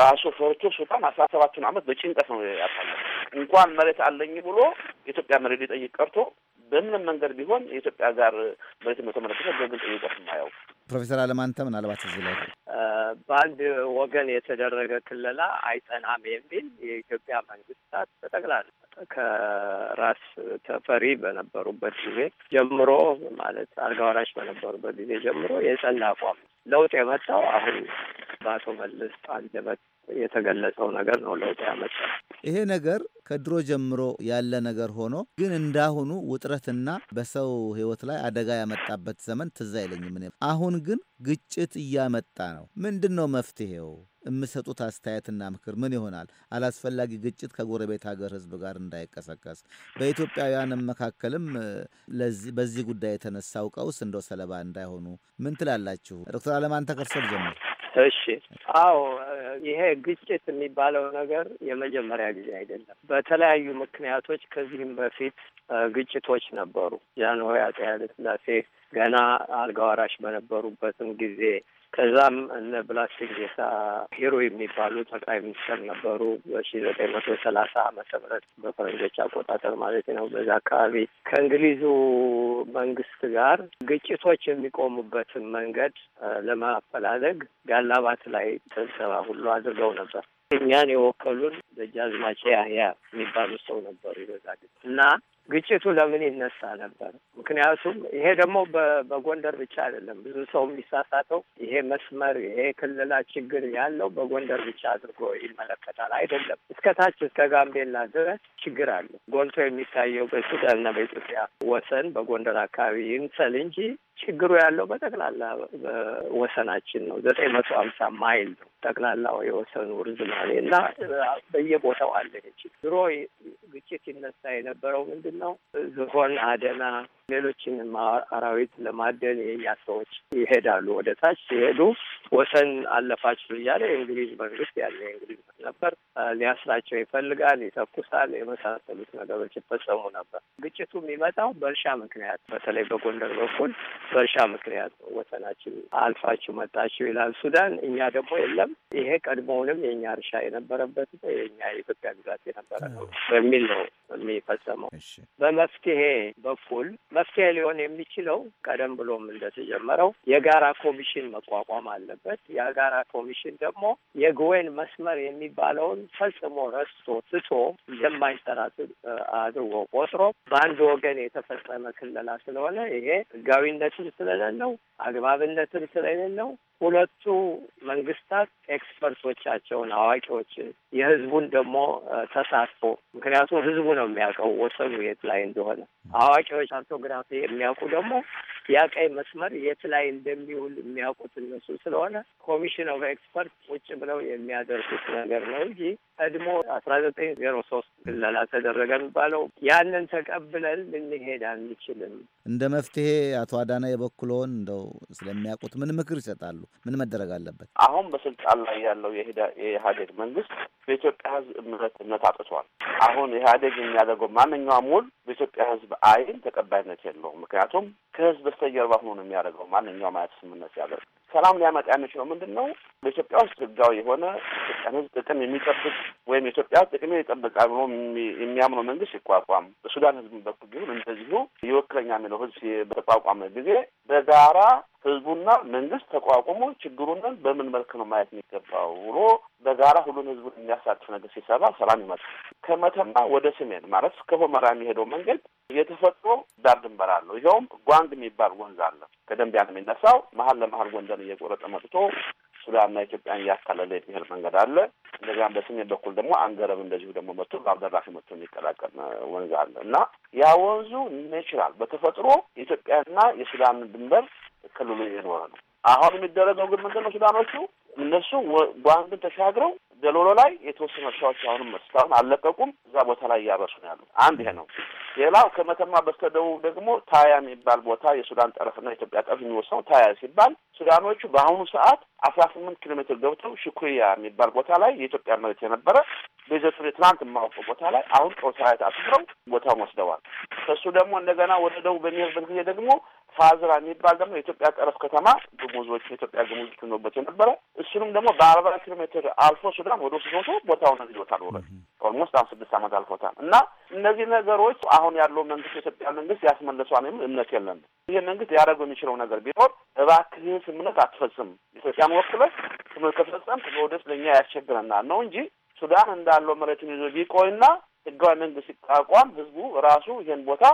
ራሱ ፈርቶ ሱዳን አስራ ሰባቱን ዓመት በጭንቀት ነው ያሳለ። እንኳን መሬት አለኝ ብሎ የኢትዮጵያ መሬት ሊጠይቅ ቀርቶ በምንም መንገድ ቢሆን የኢትዮጵያ ጋር መሬት በተመለከተ በግል ጠይቀት የማያውቅ ፕሮፌሰር አለማንተ ምናልባት እዚህ ላይ በአንድ ወገን የተደረገ ክለላ አይጸናም የሚል የኢትዮጵያ መንግስታት በጠቅላላ ከራስ ተፈሪ በነበሩበት ጊዜ ጀምሮ ማለት አልጋ ወራሽ በነበሩበት ጊዜ ጀምሮ የጸና አቋም ለውጥ የመጣው አሁን በአቶ መለስ አንደበት የተገለጸው ነገር ነው። ለውጥ ያመጣ ይሄ ነገር ከድሮ ጀምሮ ያለ ነገር ሆኖ ግን እንዳሁኑ ውጥረትና በሰው ሕይወት ላይ አደጋ ያመጣበት ዘመን ትዝ አይለኝም። አሁን ግን ግጭት እያመጣ ነው። ምንድን ነው መፍትሄው? የምሰጡት አስተያየትና ምክር ምን ይሆናል? አላስፈላጊ ግጭት ከጎረቤት ሀገር ህዝብ ጋር እንዳይቀሰቀስ በኢትዮጵያውያን መካከልም በዚህ ጉዳይ የተነሳው ቀውስ እንደው ሰለባ እንዳይሆኑ ምን ትላላችሁ? ዶክተር አለማንተ ከርሶ ጀምር። እሺ፣ አዎ ይሄ ግጭት የሚባለው ነገር የመጀመሪያ ጊዜ አይደለም። በተለያዩ ምክንያቶች ከዚህም በፊት ግጭቶች ነበሩ። ጃንሆይ አጼ ኃይለሥላሴ ገና አልጋ ወራሽ በነበሩበትም ጊዜ ከዛም እነ ብላቴን ጌታ ሂሩ የሚባሉ ጠቅላይ ሚኒስትር ነበሩ። በሺ ዘጠኝ መቶ ሰላሳ አመተ ምህረት በፈረንጆች አቆጣጠር ማለት ነው። በዛ አካባቢ ከእንግሊዙ መንግስት ጋር ግጭቶች የሚቆሙበትን መንገድ ለማፈላለግ ጋላባት ላይ ስብሰባ ሁሉ አድርገው ነበር። እኛን የወከሉን ደጃዝማች ያህያ የሚባሉ ሰው ነበሩ። በዛ እና ግጭቱ ለምን ይነሳ ነበር? ምክንያቱም ይሄ ደግሞ በጎንደር ብቻ አይደለም። ብዙ ሰው የሚሳሳተው ይሄ መስመር ይሄ ክልላ ችግር ያለው በጎንደር ብቻ አድርጎ ይመለከታል። አይደለም። እስከ ታች እስከ ጋምቤላ ድረስ ችግር አለ። ጎልቶ የሚታየው በሱዳንና በኢትዮጵያ ወሰን በጎንደር አካባቢ ይምሰል እንጂ ችግሩ ያለው በጠቅላላ ወሰናችን ነው። ዘጠኝ መቶ ሀምሳ ማይል ነው ጠቅላላው የወሰኑ ርዝማኔ እና በየቦታው አለ። ድሮ ግጭት ይነሳ የነበረው ምንድን ነው? ዝሆን፣ አደና፣ ሌሎችን አራዊት ለማደን የኛ ሰዎች ይሄዳሉ። ወደ ታች ሲሄዱ ወሰን አለፋችሁ እያለ የእንግሊዝ መንግስት ያለ የእንግሊዝ ነበር። ሊያስራቸው ይፈልጋል፣ ይተኩሳል፣ የመሳሰሉት ነገሮች ይፈጸሙ ነበር። ግጭቱ የሚመጣው በእርሻ ምክንያት፣ በተለይ በጎንደር በኩል በእርሻ ምክንያት ወሰናችን አልፋችሁ መጣችሁ ይላል ሱዳን። እኛ ደግሞ የለም ይሄ ቀድሞውንም የእኛ እርሻ የነበረበት የእኛ የኢትዮጵያ ግዛት የነበረ ነው በሚል ነው የሚፈጸመው። በመፍትሄ በኩል መፍትሄ ሊሆን የሚችለው ቀደም ብሎም እንደተጀመረው የጋራ ኮሚሽን መቋቋም አለበት። የጋራ ኮሚሽን ደግሞ የግወይን መስመር የሚ የሚባለውን ፈጽሞ ረስቶ ትቶ የማይሰራ አድርጎ ቆጥሮ በአንድ ወገን የተፈጸመ ክለላ ስለሆነ ይሄ ህጋዊነትም ስለሌለው አግባብነትም ስለሌለው ሁለቱ መንግስታት ኤክስፐርቶቻቸውን፣ አዋቂዎችን የህዝቡን ደግሞ ተሳትፎ ምክንያቱም ህዝቡ ነው የሚያውቀው ወሰኑ የት ላይ እንደሆነ። አዋቂዎች አርቶግራፊ የሚያውቁ ደግሞ ያ ቀይ መስመር የት ላይ እንደሚውል የሚያውቁት እነሱ ስለሆነ ኮሚሽን ኦፍ ኤክስፐርት ቁጭ ብለው የሚያደርጉት ነገር ነው እንጂ ቀድሞ አስራ ዘጠኝ ዜሮ ሶስት ክለላ ተደረገ የሚባለው ያንን ተቀብለን ልንሄድ አንችልም። እንደ መፍትሄ አቶ አዳና የበኩለውን እንደው ስለሚያውቁት ምን ምክር ይሰጣሉ? ምን መደረግ አለበት? አሁን በስልጣን ላይ ያለው የኢህአዴግ መንግስት በኢትዮጵያ ህዝብ እምነት አጥቷል። አሁን ኢህአዴግ የሚያደርገው ማንኛውም ውል በኢትዮጵያ ህዝብ አይን ተቀባይነት የለውም። ምክንያቱም ከህዝብ በስተጀርባ ሆኖ ነው የሚያደርገው ማንኛውም አይነት ስምምነት ያደርግ ሰላም ሊያመጣ የሚችለው ምንድን ነው? በኢትዮጵያ ውስጥ ህጋዊ የሆነ ኢትዮጵያን ህዝብ ጥቅም የሚጠብቅ ወይም ኢትዮጵያ ጥቅም ይጠብቃል ብሎ የሚያምነው መንግስት ይቋቋም። በሱዳን ህዝብ በኩል ቢሆን እንደዚሁ ይወክለኛ የሚለው ህዝብ በተቋቋመ ጊዜ በጋራ ህዝቡና መንግስት ተቋቁሞ ችግሩንን በምን መልክ ነው ማየት የሚገባው ብሎ በጋራ ሁሉን ህዝቡን የሚያሳትፍ ነገር ሲሰራ ሰላም ይመጣል። ከመተማ ወደ ሰሜን ማለት እስከ የሚሄደው መንገድ የተፈጥሮ ዳር ድንበር አለው። ይኸውም ጓንግ የሚባል ወንዝ አለ። ከደንቢያ ነው የሚነሳው። መሀል ለመሀል ጎንደርን እየቆረጠ መጥቶ ሱዳንና ኢትዮጵያን እያካለለ የሚሄድ መንገድ አለ። እንደዚያም በሰሜን በኩል ደግሞ አንገረብ እንደዚሁ ደግሞ መጥቶ በአብደራፊ መጥቶ የሚቀላቀል ወንዝ አለ እና ያ ወንዙ ኔችራል በተፈጥሮ የኢትዮጵያና የሱዳን ድንበር ክልሉ የኖረ ነው። አሁን የሚደረገው ግን ምንድን ነው? ሱዳኖቹ እነሱ ጓንግን ተሻግረው ደሎሎ ላይ የተወሰኑ እርሻዎች አሁንም እስካሁን አልለቀቁም። እዛ ቦታ ላይ እያበሱ ነው ያሉት። አንድ ይሄ ነው። ሌላው ከመተማ በስተደቡብ ደግሞ ታያ የሚባል ቦታ የሱዳን ጠረፍና ኢትዮጵያ ጠረፍ የሚወስነው ታያ ሲባል ሱዳኖቹ በአሁኑ ሰዓት አስራ ስምንት ኪሎ ሜትር ገብተው ሽኩያ የሚባል ቦታ ላይ የኢትዮጵያ መሬት የነበረ በይዘቱ ትናንት የማወቀው ቦታ ላይ አሁን ጦር ሰራዊት አስፍረው ቦታውን ወስደዋል። ከእሱ ደግሞ እንደገና ወደ ደቡብ በሚሄድበት ጊዜ ደግሞ ፋዝራ የሚባል ደግሞ የኢትዮጵያ ጠረፍ ከተማ ግሙዞች የኢትዮጵያ ግሙዞች ትኖበት የነበረ እሱንም ደግሞ በአርባ ኪሎ ሜትር አልፎ ሱዳን ወደ ስሶቶ ቦታውን ይዞታል። ወረ ኦልሞስት አሁን ስድስት ዓመት አልፎታል። እና እነዚህ ነገሮች አሁን ያለው መንግስት የኢትዮጵያ መንግስት ያስመልሷል የሚል እምነት የለም። ይህ መንግስት ያደረገው የሚችለው ነገር ቢኖር እባክህን ስምምነት አትፈጽም ኢትዮጵያን ወክለህ ስምምነት ከፈጸም ወደስ ለእኛ ያስቸግረናል ነው እንጂ ሱዳን እንዳለው መሬትን ይዞ ቢቆይና ህጋዊ መንግስት ሲቋቋም ህዝቡ ራሱ ይሄን ቦታ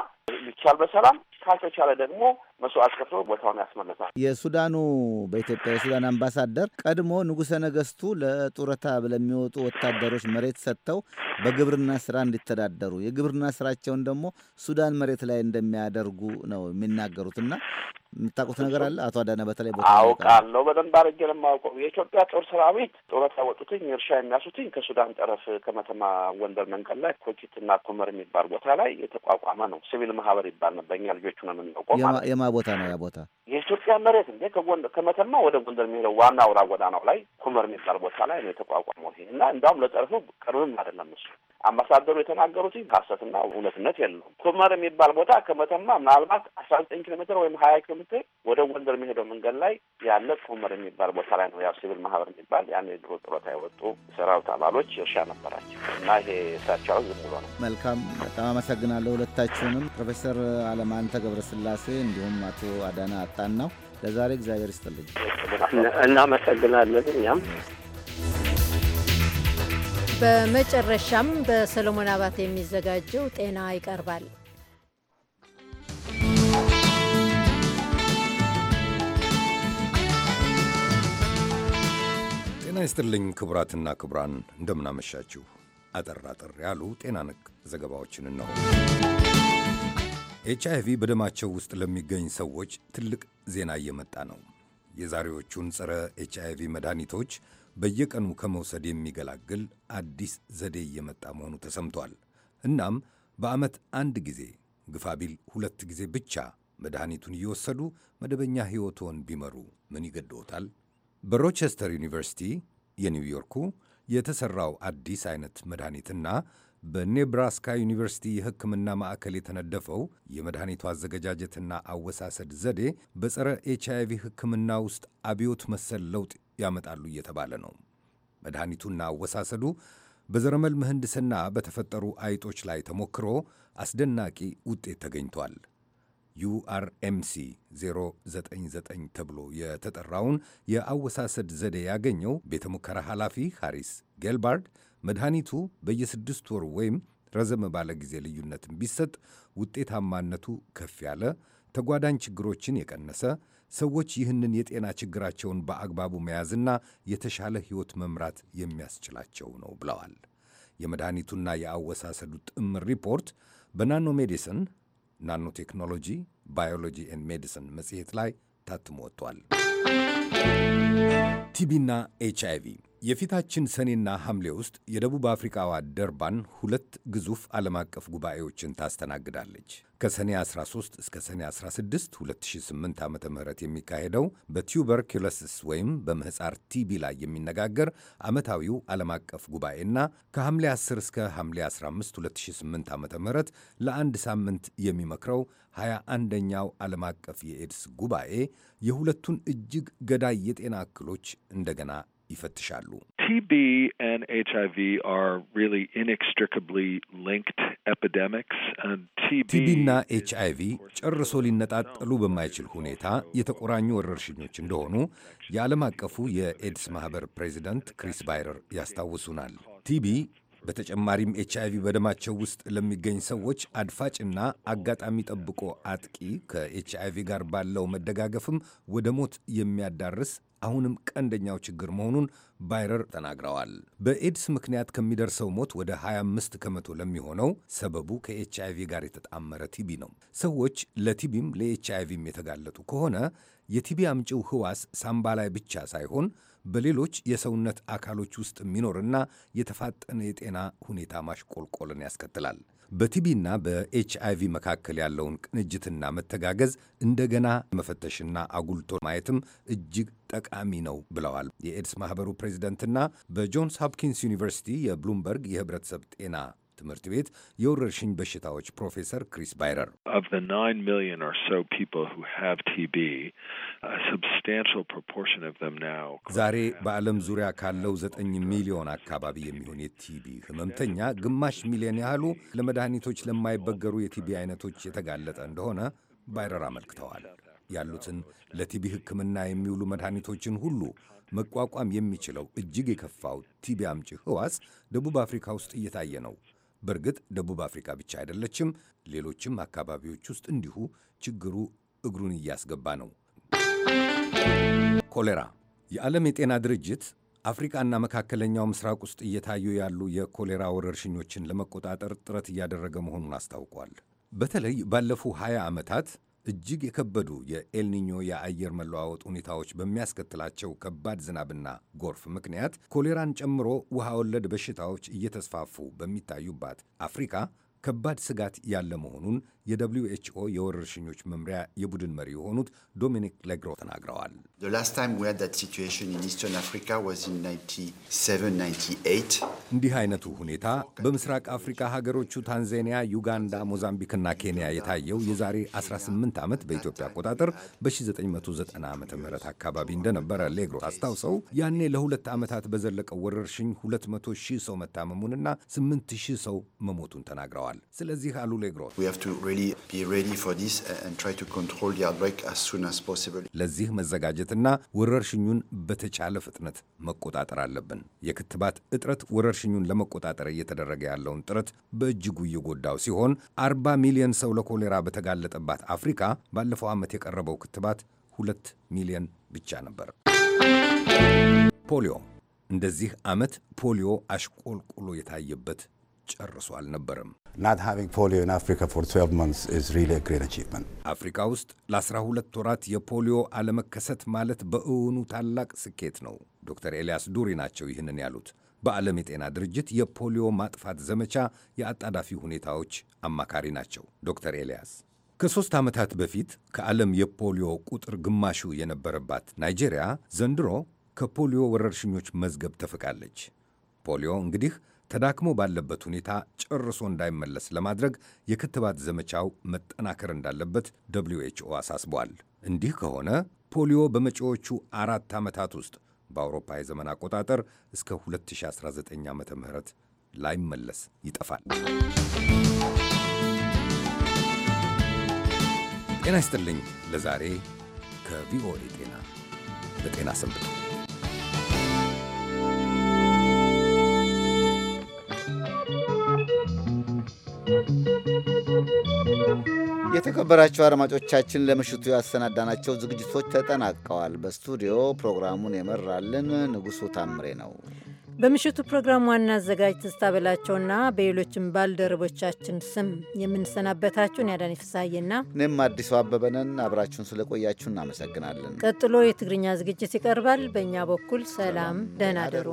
ይቻል በሰላም ካልተቻለ ደግሞ መስዋዕት ከፍሎ ቦታውን ያስመለሳል። የሱዳኑ በኢትዮጵያ የሱዳን አምባሳደር ቀድሞ ንጉሰ ነገስቱ ለጡረታ ለሚወጡ ወታደሮች መሬት ሰጥተው በግብርና ስራ እንዲተዳደሩ የግብርና ስራቸውን ደግሞ ሱዳን መሬት ላይ እንደሚያደርጉ ነው የሚናገሩት የሚናገሩትና የምታውቁት ነገር አለ አቶ አዳነ? በተለይ ቦታ አውቃለሁ በደንብ አድርጌ ለማውቀው የኢትዮጵያ ጦር ሰራዊት ጡረታ ወጡትኝ እርሻ የሚያሱትኝ ከሱዳን ጠረፍ ከመተማ ወንበር መንቀል ላይ ኮኪትና ኮመር የሚባል ቦታ ላይ የተቋቋመ ነው። ሲቪል ማህበር ይባል ነበኛል ልጆቹ ነው የምናውቀው የማ ቦታ ነው ያ ቦታ? የኢትዮጵያ መሬት እንዴ ከጎንደር ከመተማ ወደ ጎንደር የሚሄደው ዋና አውራ ጎዳናው ላይ ኩመር የሚባል ቦታ ላይ ነው የተቋቋመው ይሄ እና እንዲሁም ለጠረፉ ቅርብም አይደለም እሱ አምባሳደሩ የተናገሩት ሀሰትና እውነትነት የለውም። ኮመር የሚባል ቦታ ከመተማ ምናልባት አስራ ዘጠኝ ኪሎ ሜትር ወይም ሀያ ኪሎ ሜትር ወደ ጎንደር የሚሄደው መንገድ ላይ ያለ ኮመር የሚባል ቦታ ላይ ነው። ያው ሲቪል ማህበር የሚባል ያን የድሮ ጡረታ የወጡ ሰራዊት አባሎች እርሻ ነበራቸው እና ይሄ እሳቸው ዝም ብሎ ነው። መልካም በጣም አመሰግናለሁ ሁለታችሁንም፣ ፕሮፌሰር አለማንተ ገብረስላሴ እንዲሁም አቶ አዳና አጣናው ለዛሬ እግዚአብሔር ይስጥልኝ። እናመሰግናለን እኛም በመጨረሻም በሰለሞን አባት የሚዘጋጀው ጤና ይቀርባል። ጤና ይስጥልኝ ክቡራትና ክቡራን፣ እንደምናመሻችሁ። አጠር አጠር ያሉ ጤና ነክ ዘገባዎችን ነው። ኤች አይቪ በደማቸው ውስጥ ለሚገኝ ሰዎች ትልቅ ዜና እየመጣ ነው። የዛሬዎቹን ጸረ ኤች ቪ መድኃኒቶች በየቀኑ ከመውሰድ የሚገላግል አዲስ ዘዴ እየመጣ መሆኑ ተሰምቷል። እናም በዓመት አንድ ጊዜ ግፋቢል ሁለት ጊዜ ብቻ መድኃኒቱን እየወሰዱ መደበኛ ሕይወቶን ቢመሩ ምን ይገድዎታል? በሮቸስተር ዩኒቨርሲቲ የኒውዮርኩ የተሠራው አዲስ አይነት መድኃኒትና በኔብራስካ ዩኒቨርሲቲ የሕክምና ማዕከል የተነደፈው የመድኃኒቱ አዘገጃጀትና አወሳሰድ ዘዴ በጸረ ኤች ቪ ሕክምና ውስጥ አብዮት መሰል ለውጥ ያመጣሉ እየተባለ ነው። መድኃኒቱና አወሳሰዱ በዘረመል ምህንድስና በተፈጠሩ አይጦች ላይ ተሞክሮ አስደናቂ ውጤት ተገኝቷል። ዩአርኤምሲ 099 ተብሎ የተጠራውን የአወሳሰድ ዘዴ ያገኘው ቤተ ሙከራ ኃላፊ ሃሪስ ጌልባርድ መድኃኒቱ በየስድስት ወር ወይም ረዘም ባለ ጊዜ ልዩነትን ቢሰጥ ውጤታማነቱ ከፍ ያለ ተጓዳኝ ችግሮችን የቀነሰ ሰዎች ይህንን የጤና ችግራቸውን በአግባቡ መያዝና የተሻለ ሕይወት መምራት የሚያስችላቸው ነው ብለዋል። የመድኃኒቱና የአወሳሰዱ ጥምር ሪፖርት በናኖ ሜዲሲን ናኖ ቴክኖሎጂ ባዮሎጂ ኤንድ ሜዲሲን መጽሔት ላይ ታትሞ ወጥቷል። ቲቢና ኤች አይቪ የፊታችን ሰኔና ሐምሌ ውስጥ የደቡብ አፍሪካዋ ደርባን ሁለት ግዙፍ ዓለም አቀፍ ጉባኤዎችን ታስተናግዳለች። ከሰኔ 13 እስከ ሰኔ 16 2008 ዓ ም የሚካሄደው በቱበርኪሎስስ ወይም በምህፃር ቲቢ ላይ የሚነጋገር ዓመታዊው ዓለም አቀፍ ጉባኤና ከሐምሌ 10 እስከ ሐምሌ 15 2008 ዓ ም ለአንድ ሳምንት የሚመክረው 21ኛው ዓለም አቀፍ የኤድስ ጉባኤ የሁለቱን እጅግ ገዳይ የጤና እክሎች እንደገና ይፈትሻሉ። ቲቢ and HIV are really ኤች አይቪ ጨርሶ ሊነጣጠሉ በማይችል ሁኔታ የተቆራኙ ወረርሽኞች እንደሆኑ የዓለም አቀፉ የኤድስ ማህበር ፕሬዚደንት ክሪስ ባይረር ያስታውሱናል። ቲቢ በተጨማሪም ኤች አይቪ በደማቸው ውስጥ ለሚገኝ ሰዎች አድፋጭና አጋጣሚ ጠብቆ አጥቂ ከኤች አይቪ ጋር ባለው መደጋገፍም ወደ ሞት የሚያዳርስ አሁንም ቀንደኛው ችግር መሆኑን ባይረር ተናግረዋል። በኤድስ ምክንያት ከሚደርሰው ሞት ወደ 25 ከመቶ ለሚሆነው ሰበቡ ከኤች አይቪ ጋር የተጣመረ ቲቢ ነው። ሰዎች ለቲቢም ለኤች አይቪም የተጋለጡ ከሆነ የቲቢ አምጪው ህዋስ ሳምባ ላይ ብቻ ሳይሆን በሌሎች የሰውነት አካሎች ውስጥ የሚኖርና የተፋጠነ የጤና ሁኔታ ማሽቆልቆልን ያስከትላል። በቲቢና በኤችአይቪ መካከል ያለውን ቅንጅትና መተጋገዝ እንደገና መፈተሽና አጉልቶ ማየትም እጅግ ጠቃሚ ነው ብለዋል የኤድስ ማህበሩ ፕሬዚደንትና በጆንስ ሆፕኪንስ ዩኒቨርሲቲ የብሉምበርግ የህብረተሰብ ጤና ትምህርት ቤት የወረርሽኝ በሽታዎች ፕሮፌሰር ክሪስ ባይረር ዛሬ በዓለም ዙሪያ ካለው ዘጠኝ ሚሊዮን አካባቢ የሚሆን የቲቢ ህመምተኛ ግማሽ ሚሊዮን ያህሉ ለመድኃኒቶች ለማይበገሩ የቲቢ አይነቶች የተጋለጠ እንደሆነ ባይረር አመልክተዋል። ያሉትን ለቲቢ ሕክምና የሚውሉ መድኃኒቶችን ሁሉ መቋቋም የሚችለው እጅግ የከፋው ቲቢ አምጪ ህዋስ ደቡብ አፍሪካ ውስጥ እየታየ ነው። በእርግጥ ደቡብ አፍሪካ ብቻ አይደለችም። ሌሎችም አካባቢዎች ውስጥ እንዲሁ ችግሩ እግሩን እያስገባ ነው። ኮሌራ። የዓለም የጤና ድርጅት አፍሪቃና መካከለኛው ምስራቅ ውስጥ እየታዩ ያሉ የኮሌራ ወረርሽኞችን ለመቆጣጠር ጥረት እያደረገ መሆኑን አስታውቋል። በተለይ ባለፉ 20 ዓመታት እጅግ የከበዱ የኤልኒኞ የአየር መለዋወጥ ሁኔታዎች በሚያስከትላቸው ከባድ ዝናብና ጎርፍ ምክንያት ኮሌራን ጨምሮ ውሃ ወለድ በሽታዎች እየተስፋፉ በሚታዩባት አፍሪካ ከባድ ስጋት ያለ መሆኑን የደብሊው ኤች ኦ የወረርሽኞች መምሪያ የቡድን መሪ የሆኑት ዶሚኒክ ሌግሮ ተናግረዋል። እንዲህ አይነቱ ሁኔታ በምስራቅ አፍሪካ ሀገሮቹ ታንዛኒያ፣ ዩጋንዳ፣ ሞዛምቢክና ኬንያ የታየው የዛሬ 18 ዓመት በኢትዮጵያ አቆጣጠር በ1990 ዓ ም አካባቢ እንደነበረ ሌግሮ አስታውሰው ያኔ ለሁለት ዓመታት በዘለቀው ወረርሽኝ 200 ሺህ ሰው መታመሙንና 8 ሺህ ሰው መሞቱን ተናግረዋል። ስለዚህ አሉ ሌግሮት ለዚህ መዘጋጀትና ወረርሽኙን በተቻለ ፍጥነት መቆጣጠር አለብን። የክትባት እጥረት ወረርሽኙን ለመቆጣጠር እየተደረገ ያለውን ጥረት በእጅጉ እየጎዳው ሲሆን 40 ሚሊዮን ሰው ለኮሌራ በተጋለጠባት አፍሪካ ባለፈው ዓመት የቀረበው ክትባት ሁለት ሚሊዮን ብቻ ነበር። ፖሊዮ እንደዚህ ዓመት ፖሊዮ አሽቆልቁሎ የታየበት ጨርሶ አልነበረም። አፍሪካ ውስጥ ለ12 ወራት የፖሊዮ አለመከሰት ማለት በእውኑ ታላቅ ስኬት ነው። ዶክተር ኤልያስ ዱሪ ናቸው ይህንን ያሉት። በዓለም የጤና ድርጅት የፖሊዮ ማጥፋት ዘመቻ የአጣዳፊ ሁኔታዎች አማካሪ ናቸው። ዶክተር ኤልያስ ከሦስት ዓመታት በፊት ከዓለም የፖሊዮ ቁጥር ግማሹ የነበረባት ናይጄሪያ ዘንድሮ ከፖሊዮ ወረርሽኞች መዝገብ ተፍቃለች። ፖሊዮ እንግዲህ ተዳክሞ ባለበት ሁኔታ ጨርሶ እንዳይመለስ ለማድረግ የክትባት ዘመቻው መጠናከር እንዳለበት ደብሊው ኤችኦ አሳስቧል። እንዲህ ከሆነ ፖሊዮ በመጪዎቹ አራት ዓመታት ውስጥ በአውሮፓ የዘመን አቆጣጠር እስከ 2019 ዓ ም ላይመለስ ይጠፋል። ጤና ይስጥልኝ። ለዛሬ ከቪኦኤ ጤና በጤና ሰንብቱ። የተከበራቸው አድማጮቻችን ለምሽቱ ያሰናዳናቸው ዝግጅቶች ተጠናቀዋል። በስቱዲዮ ፕሮግራሙን የመራልን ንጉሱ ታምሬ ነው። በምሽቱ ፕሮግራም ዋና አዘጋጅ ትስታበላቸውና በላቸውና በሌሎችም ባልደረቦቻችን ስም የምንሰናበታችሁን ያዳኒ ፍሳዬና እኔም አዲሱ አበበነን አብራችሁን ስለቆያችሁ እናመሰግናለን። ቀጥሎ የትግርኛ ዝግጅት ይቀርባል። በእኛ በኩል ሰላም፣ ደህና ደሩ።